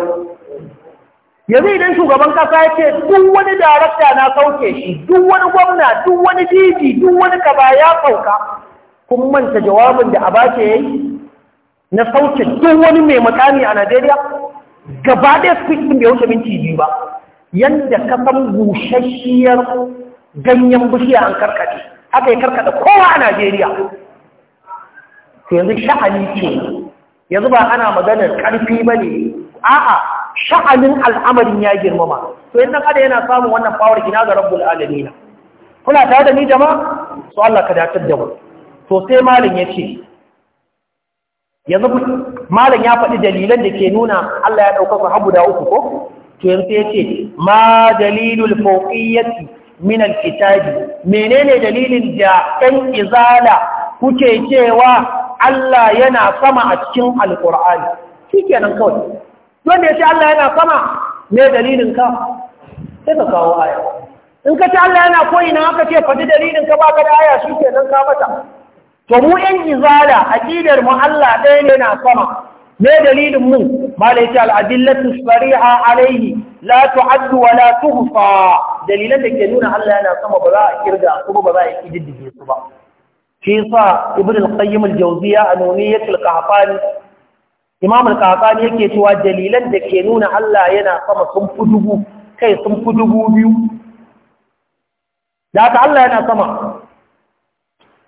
yanzu idan shugaban kasa ya ce duk wani darakta na sauke shi duk wani gwamna duk wani diji duk wani kaba ya sauka kun manta jawabin da abace yayi na sauke duk wani mai makami a Najeriya gaba ɗaya su din bai wuce minti biyu ba yanda ka san bushashiyar ganyen bishiya an karkaɗe haka ya karkaɗe kowa a Najeriya to yanzu sha'ani ce yanzu ba ana maganar ƙarfi ba ne a'a sha'anin al'amarin ya girmama to yin ɗan yana samun wannan fawar gina ga rabbul alamina kuna tare da ni jama'a su Allah ka datar da mu to sai malin ya ce yanzu malin ya faɗi dalilan da ke nuna Allah ya ɗaukaka hagu da uku ko to yanzu ya ce ma dalilul fauqiyyati min alkitabi menene dalilin da ɗan izala kuke cewa Allah yana sama a cikin al alƙur'ani shi kenan kawai Don ya ce Allah yana sama me dalilin ka sai ka kawo aya in ka ce Allah yana koyi na haka ce faɗi dalilin ka baka da aya shi kenan ka mata to mu yan izala aqidar mu Allah ɗaya ne na sama me dalilin mu malai ce al'adillatu sariha Alayhi la tu'addu wa la tuhfa dalilan da ke nuna Allah yana sama ba za a kirga Kuma ba za a kididdige su ba shi sa ibn al-qayyim al-jawziya a nuniyat al-qahtani imam al-qahtani yake cewa dalilan da ke nuna Allah yana sama sun fi dubu kai sun fi dubu biyu da Allah yana sama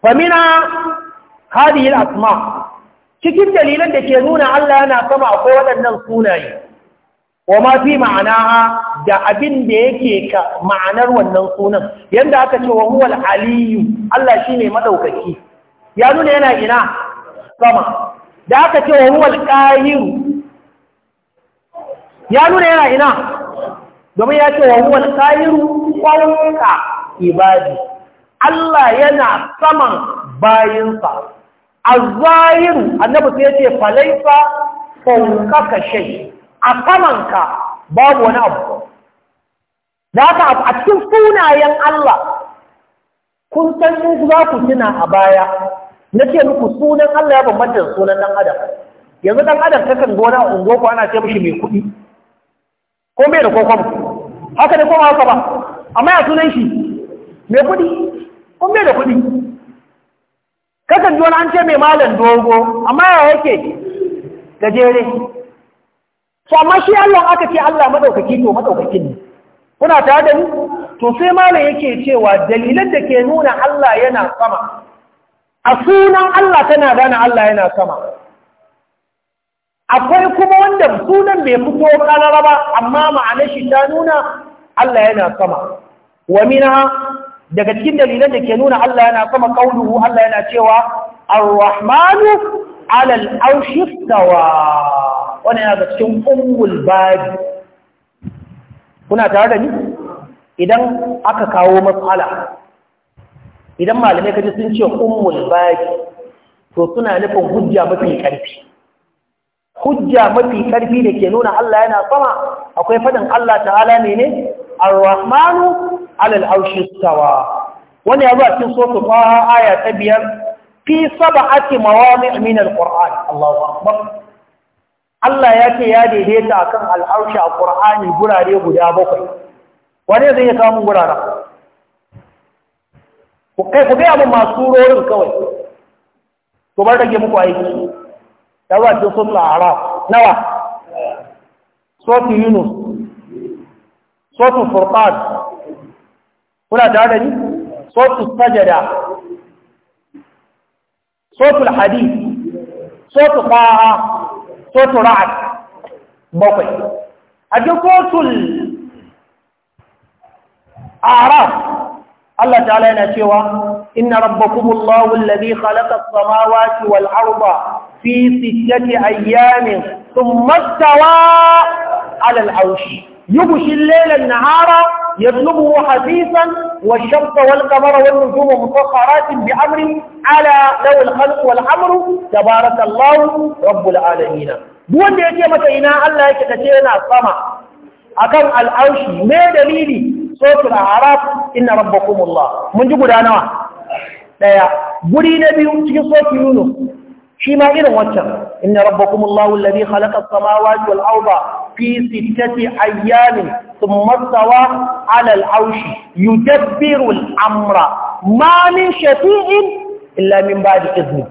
famina hadihi al-asma cikin dalilan da ke nuna Allah yana sama akwai waɗannan sunaye wa ma fi ma'anaha da abin da yake ka ma'anar wannan sunan yadda aka ce wa huwal aliyu Allah shi ne maɗaukaki ya nuna yana ina sama da aka ce wa huwal ƙahiru ya nuna yana ina domin ya ce wa huwal ƙahiru ƙwanka ibadi Allah yana saman bayinsa a zahiru annabi sai ya ce falaifa ka shai a samanka babu wani abu Za ka a cikin sunayen Allah, kun san in za ku tuna a baya, na ce muku sunan Allah ya bambanta da sunan ɗan Adam. Yanzu ɗan Adam kakan gona a ungo ko ana ce mishi mai kuɗi, ko mai da kokon. Haka ne ko ba haka ba, amma ya sunan shi mai kuɗi, ko mai da kuɗi. Kasan gona an ce mai malam dogo, amma ya yake gajere. To amma shi Allah aka ce Allah maɗaukaki to maɗaukakin ne. kuna ta da ni to sai malam yake cewa dalilan da ke nuna Allah yana sama a sunan Allah tana gane Allah yana sama akwai kuma wanda sunan bai fito karara ba amma ma'anar shi ta nuna Allah yana sama wa minha daga cikin dalilan da ke nuna Allah yana sama kauluhu Allah yana cewa ar-rahmanu 'ala al-arshi stawa wannan yana cikin ummul badi kuna tare da ni idan aka kawo matsala idan malamai kaji sun ce ummul baki to suna nufin hujja mafi karfi hujja mafi karfi da ke nuna Allah yana sama akwai fadin Allah ta'ala mene ar-rahmanu alal aushi stawa wani ya a cikin sotu fa aya ta biyar fi sab'ati mawami' min al-qur'an Allahu akbar Allah ya ce ya daidaita akan al'arshi a ƙur'ani gurare guda bakwai wane zai yi samun gurara ku kai ku ga abin masu rorin kawai to bar rage muku aiki ta zuwa cikin sun la'ara, nawa suratul yunus suratul furqan kuna tare da ni suratul sajada suratul hadid suratul Ƙaha, suratul ra'd bakwai a duk suratul a'raf Allah ta'ala yana cewa inna rabbakumullahu alladhi khalaqa as-samawati wal arda fi sittati ayyamin thumma istawa 'ala al-'arshi yubushi lailan nahara yadlubu hadisan wa shamsa wal qamara wan nujumu mutakharatin bi amri ala dawl khalq wal amru tabarakallahu rabbul alamin duwan da yake mata ina Allah yake kace yana sama akan al arshi me dalili suratul a'raf inna rabbakum allah mun ji guda nawa Ɗaya. guri na biyu cikin suratul yunus shi ma irin wancan? inna rabbakum allah alladhi khalaqa as samawati wal في ستة أيام ثم استوى على العوش يدبر الأمر ما من شفيع إلا من بعد إذنه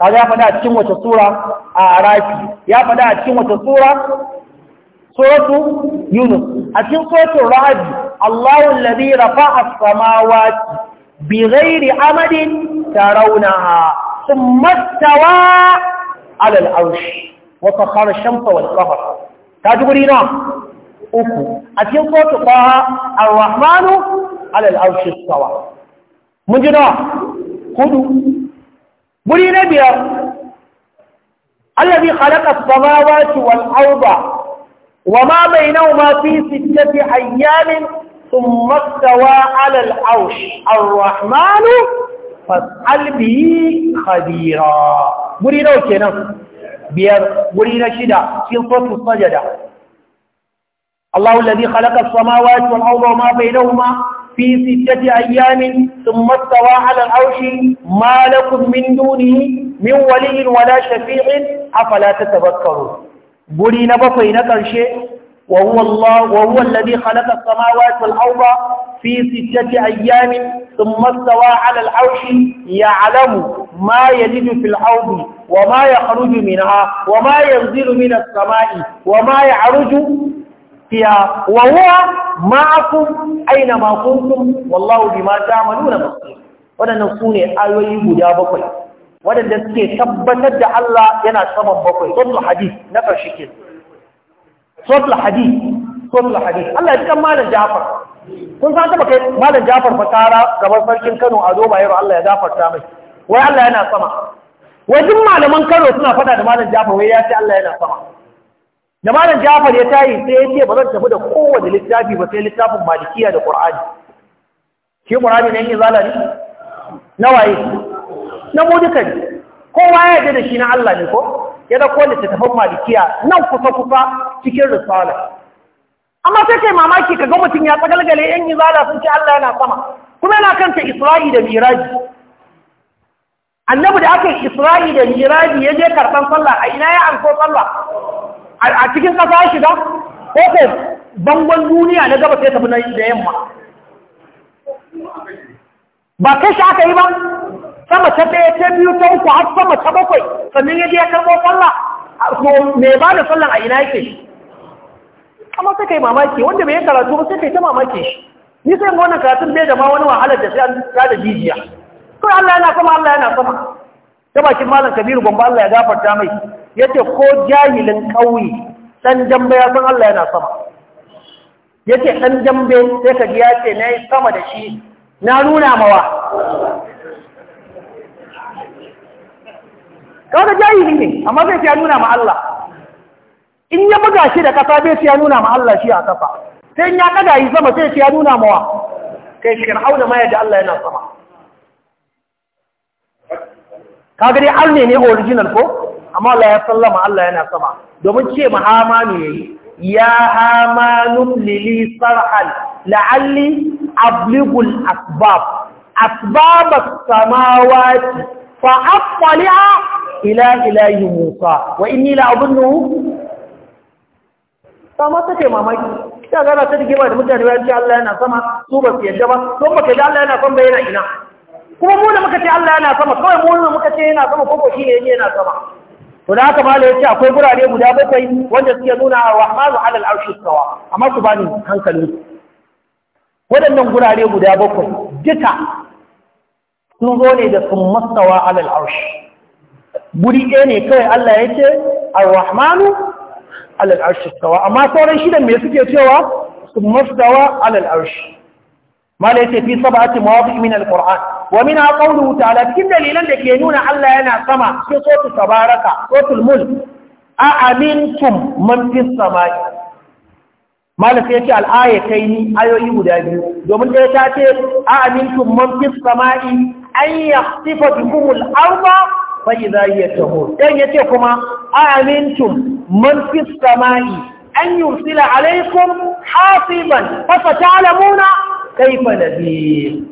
قال يا فدا أتشم وش سورة أعراكي آه، يا فدا أتشم وش سورة سورة يونس أتشم سورة الرعد الله الذي رفع السماوات بغير عمد ترونها ثم استوى على العرش وصخر الشمس والقمر تاجبري نعم أكو أتي أكو تقاها الرحمن على الأرش الصوى من جنا خدو بري نبيا الذي خلق السماوات والأرض وما بينهما في ستة أيام ثم استوى على الأرش الرحمن فاسأل به خبيرا بري نبيا biyar wuri na shida cikin sotu sajada Allahu alladhi khalaqa as-samawati wal arda wa ma bainahuma fi sittati ayyamin thumma istawa 'ala aushi arshi ma lakum min dunihi min waliyyin wala shafi'in afala tatadhakkarun guri na bakwai na ƙarshe وهو الله وهو الذي خلق السماوات والأرض في ستة أيام ثم استوى على العرش يعلم ما يلد في الأرض وما يخرج منها وما ينزل من السماء وما يعرج فيها وهو معكم أينما كنتم والله بما تعملون بصير ولن نصوني ne ayoyi يا bakwai ولن suke tabbatar da Allah سبب saman bakwai don hadis sotul hadith sotul hadith Allah ya kan malam Jafar kun san taba kai malam Jafar fa kara gaban sarkin Kano a zoba yaro Allah ya gafarta mai wai Allah yana sama wai duk malaman Kano suna fada da malam Jafar wai ya ce Allah yana sama da malam Jafar ya tayi sai ya ce ba zan tafi da kowane littafi ba sai littafin Malikiya da Qur'ani shi Qur'ani ne yake zalani nawaye na mu duka kowa ya yarda da shi na Allah ne ko ya da ta tattafan malikiya nan kusa kusa cikin risala amma sai kai mamaki ka ga mutum ya tsagalgale yan izala sun ce Allah yana sama kuma yana kanta Isra'i da Miraji annabi da aka yi Isra'i da Miraji ya je karɓar sallah a ina ya anko sallah a cikin kasa shiga ko bangon duniya na gaba sai tafi na da yamma ba kai shi aka yi ba sama ta ɗaya ta biyu ta uku har sama ta bakwai sannan ya je ya karɓo sallah to me ba da sallan a ina yake shi amma sai kai mamaki wanda bai karatu ba sai kai ta mamaki shi ni sai ga wannan karatun bai da ma wani wahalar da sai an ta da jijiya kai Allah yana sama Allah yana sama ta bakin malam Kabiru gombe Allah ya gafarta mai yace ko jahilin kauye dan jambe ya san Allah yana sama yace dan jambe sai ka ji na nayi sama da shi na nuna mawa kaga jahili ne amma zai ya nuna ma Allah in ya buga shi da kasa zai ya nuna ma Allah shi a kafa sai ya daga yi sama sai ya nuna ma wa kai auna ma yadda Allah yana sama kaga dai Allah ne original ko amma Allah ya sallama Allah yana sama domin ce ma hamanu yayi ya hamanu lili sarhal la'alli abligul asbab asbab as-samawati fa aqli'a ila ilahi musa wa inni la abunnu ta ma take mamaki ta gana ta dige ba da mutane ba ce Allah yana sama su ba su yadda ba don baka da Allah yana sama bai yana ina kuma mu da muka ce Allah yana sama kawai mu da muka ce yana sama ko ko shine yake yana sama to da haka malai yace akwai gurare guda bakwai wanda suke nuna rahmanu alal arshi sawa amma su bani hankali waɗannan gurare guda bakwai duka sun zo ne da sun mastawa alal arshi guri ɗaya ne kawai Allah ya ce ar-rahmanu alal arshi stawa amma sauran shidan me suke cewa mastawa alal arshi mala yace fi sab'ati mawadi' min al-qur'an wa minha qawluhu ta'ala cikin dalilan da ke nuna Allah yana sama sai suratul tabaraka suratul mulk a amintum man fis samai mala sai yace al-ayatayn ayoyi guda biyu domin ɗaya ta ce a amintum man fis samai an yahtifa bikum al fa'i za yi ya taho ɗan ya ce kuma a amintum man fi sama'i an yi usila alaikum hasiban fafa alamuna kaifa da biyu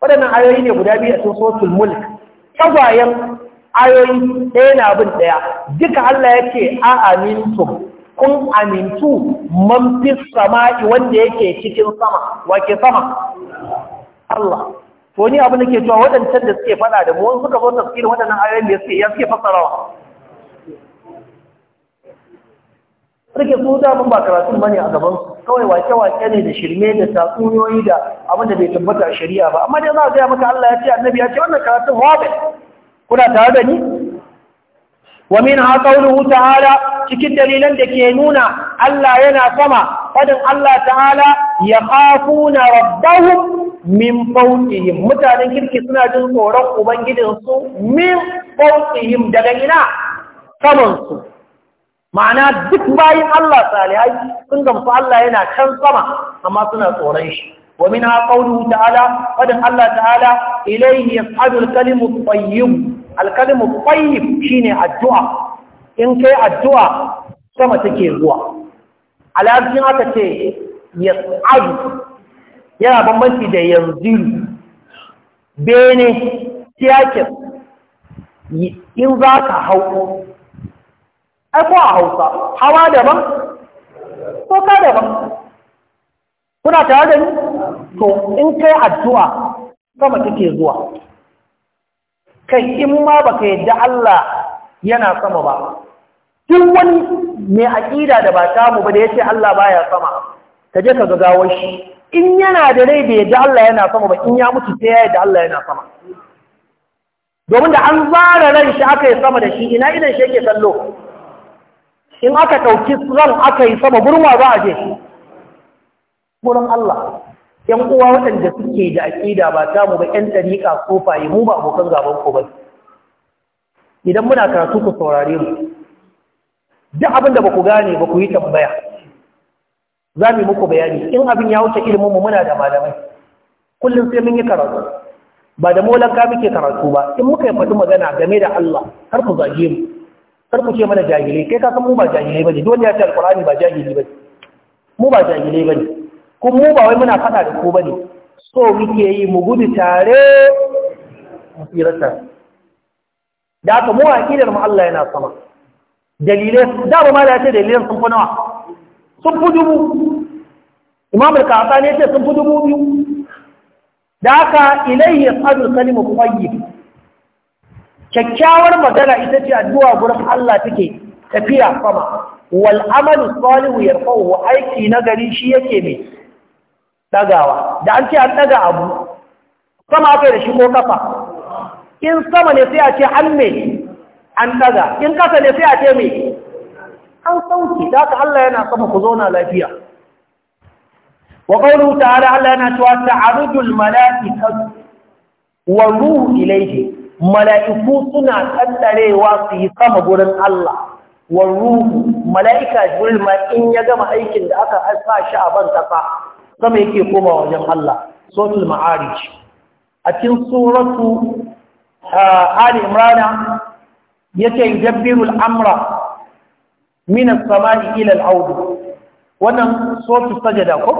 waɗannan ayoyi ne guda biyu a cikin sosul mulk tagwayen ayoyi ɗaya na abin ɗaya duka Allah ya ce a amintum kun amintu man fi wanda yake cikin sama wake sama Allah ko ni abin da ke cewa waɗancan da suke faɗa da mu suka zo tafsir waɗannan ayoyin da suke ya suke fassarawa rike su mun ba karatu bane a gaban kawai wace-wace ne da shirme da tatsuniyoyi da abin da bai tabbata a shari'a ba amma dai za a gaya maka Allah ya ce annabi ya ce wannan karatun wabe kuna tare da ni wa min ha qawluhu ta'ala cikin dalilan da ke nuna Allah yana sama fadin Allah ta'ala ya khafuna rabbahum min fauƙihim mutanen kirki suna jin tsoron ubangijinsu min fauƙihim daga ina samansu. ma'ana duk bayan Allah salihai sun gamsu Allah yana can sama amma suna tsoron shi wa min qawluhu ta'ala fadin Allah ta'ala ilaihi ya al shi shine addu'a in kai addu'a sama take zuwa alazin aka ce tsadu yana bambanci da yanzu bene tiyakin in za ka hau aiko a hausa hawa daban soka daban kuna tare da ni to in kai addu'a sama take zuwa kai in ma baka yadda Allah yana sama ba duk wani mai aƙida da ba samu ba da yace Allah baya sama ka je ka ga gawar shi in yana da rai bai yadda Allah yana sama ba in ya mutu sai ya yadda Allah yana sama domin da an zara ran shi aka yi sama da shi ina idan shi yake kallo in aka ɗauki ran aka yi sama burma ba a je gurin Allah ‘yan uwa waɗanda suke da aƙida ba ta mu ba ‘yan ɗariƙa tsofaye mu ba abokan gaban ko ba idan muna karatu ku saurare mu duk abin da ba ku gane ba ku yi tambaya za mu muku bayani in abin ya wuce ilimin mu muna da malamai kullum sai mun yi karatu ba da ka muke karatu ba in muka yi faɗi magana game da Allah har ku zage mu har ku ce mana jahilai kai ka san mu ba jahilai bane dole ya ce alqur'ani ba jahili bane mu ba jahilai bane kun mu ba wai muna faɗa da ku bane so muke yi mu gudu tare mu tsira da aka mu aqidar mu Allah yana sama dalilai da ba ma da ya ce dalilan sun fi nawa sun fi dubu imam al-kafa ne ce sun fi dubu biyu da haka ilayhi yasadu kalimu tayyib kyakkyawar magana ita ce addu'a gurin Allah take tafiya sama wal amalu salihu yarfa'u aiki na gari shi yake mai dagawa da an ce an daga abu sama aka yi da shi ko kafa in sama ne sai a ce an me an daga in kasa ne sai a ce me an sauki da ka Allah yana sama ku zauna lafiya wa qawluhu ta'ala Allah yana cewa ta'arujul mala'ikatu wa ruhu ilayhi mala'iku suna kallarewa su yi sama gurin Allah wa ruhu mala'ika jibril ma in ya gama aikin da aka sa shi a ban kasa sama yake koma wajen Allah suratul ma'arij a cikin suratu ah, ali imrana yace yabbiru amra minas samani ilal audu wannan sotu sajada ko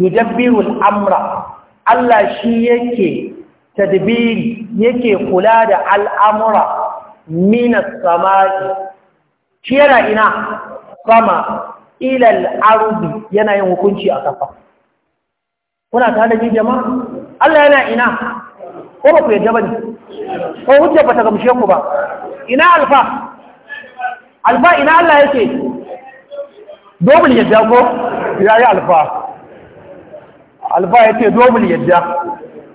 yudabbirul amra Allah shi yake tadbiri yake kula da al'amura minas samani shi yana ina sama ilal audu yana yin hukunci a kafa kuna ta da jama'a Allah yana ina ko ba ku yadda bane ko hujja ba ta gamshe ku ba ina alfa alfa ina Allah yake dobul yadda ko ya yi alfa alfa ya ce dobul yadda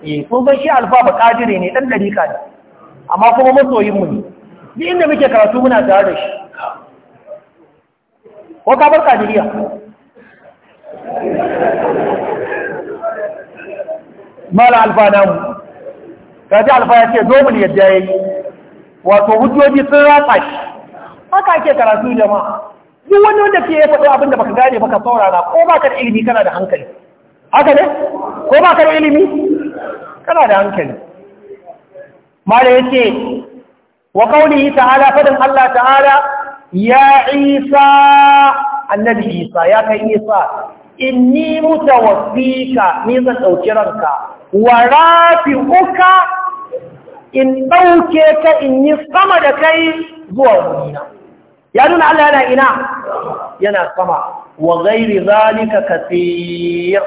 eh kun san shi alfa ba kadire ne dan dariƙa ne amma kuma masoyin mu ne duk inda muke karatu muna tare da shi ko ka bar kadiriya mala alfa namu kaji alfa ya ce dobul yadda yayi wato hujjoji sun ratsa shi haka ake karatu jama'a duk wani wanda ke faɗo abin da baka gane baka saurara ko ka da ilimi kana da hankali haka ne ko da ilimi kana da hankali mala yace wa qawlihi ta'ala fadin Allah ta'ala ya Isa annabi Isa ya kai Isa inni mutawaffika ni zan dauki ranka wa rafi'uka in ɗauke ka in yi sama da kai zuwa wurina ya nuna Allah yana ina yana sama wa ghairi zalika kaseer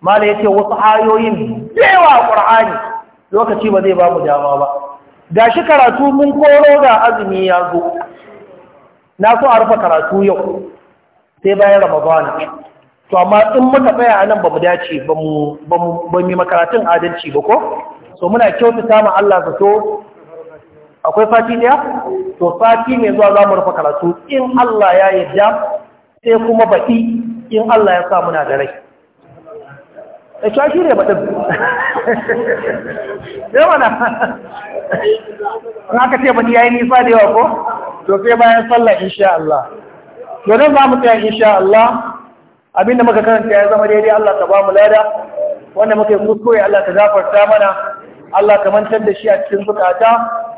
mala yace wasu ayoyin yawa qur'ani lokaci ba zai ba mu dama ba gashi karatu mun koro ga azumi ya zo na so a rufe karatu yau sai bayan ramadan to amma in muka tsaya anan nan ba mu dace ba mu yi makaratun adalci ba ko so muna kyautata ma Allah zato akwai sati ɗaya to sati mai zuwa za mu rufe karatu in Allah ya yarda sai kuma baɗi in Allah ya sa muna da rai eh, a cewa shi ne baɗin ne mana in aka ce baɗi ya yi nisa da yawa ko to sai bayan sallah insha Allah yau za mu tsaya insha Allah abinda muka karanta ya zama daidai Allah ta ba mu lada wanda muka yi kuskure Allah ta gafarta mana Allah ka mantar da shi a cikin zukata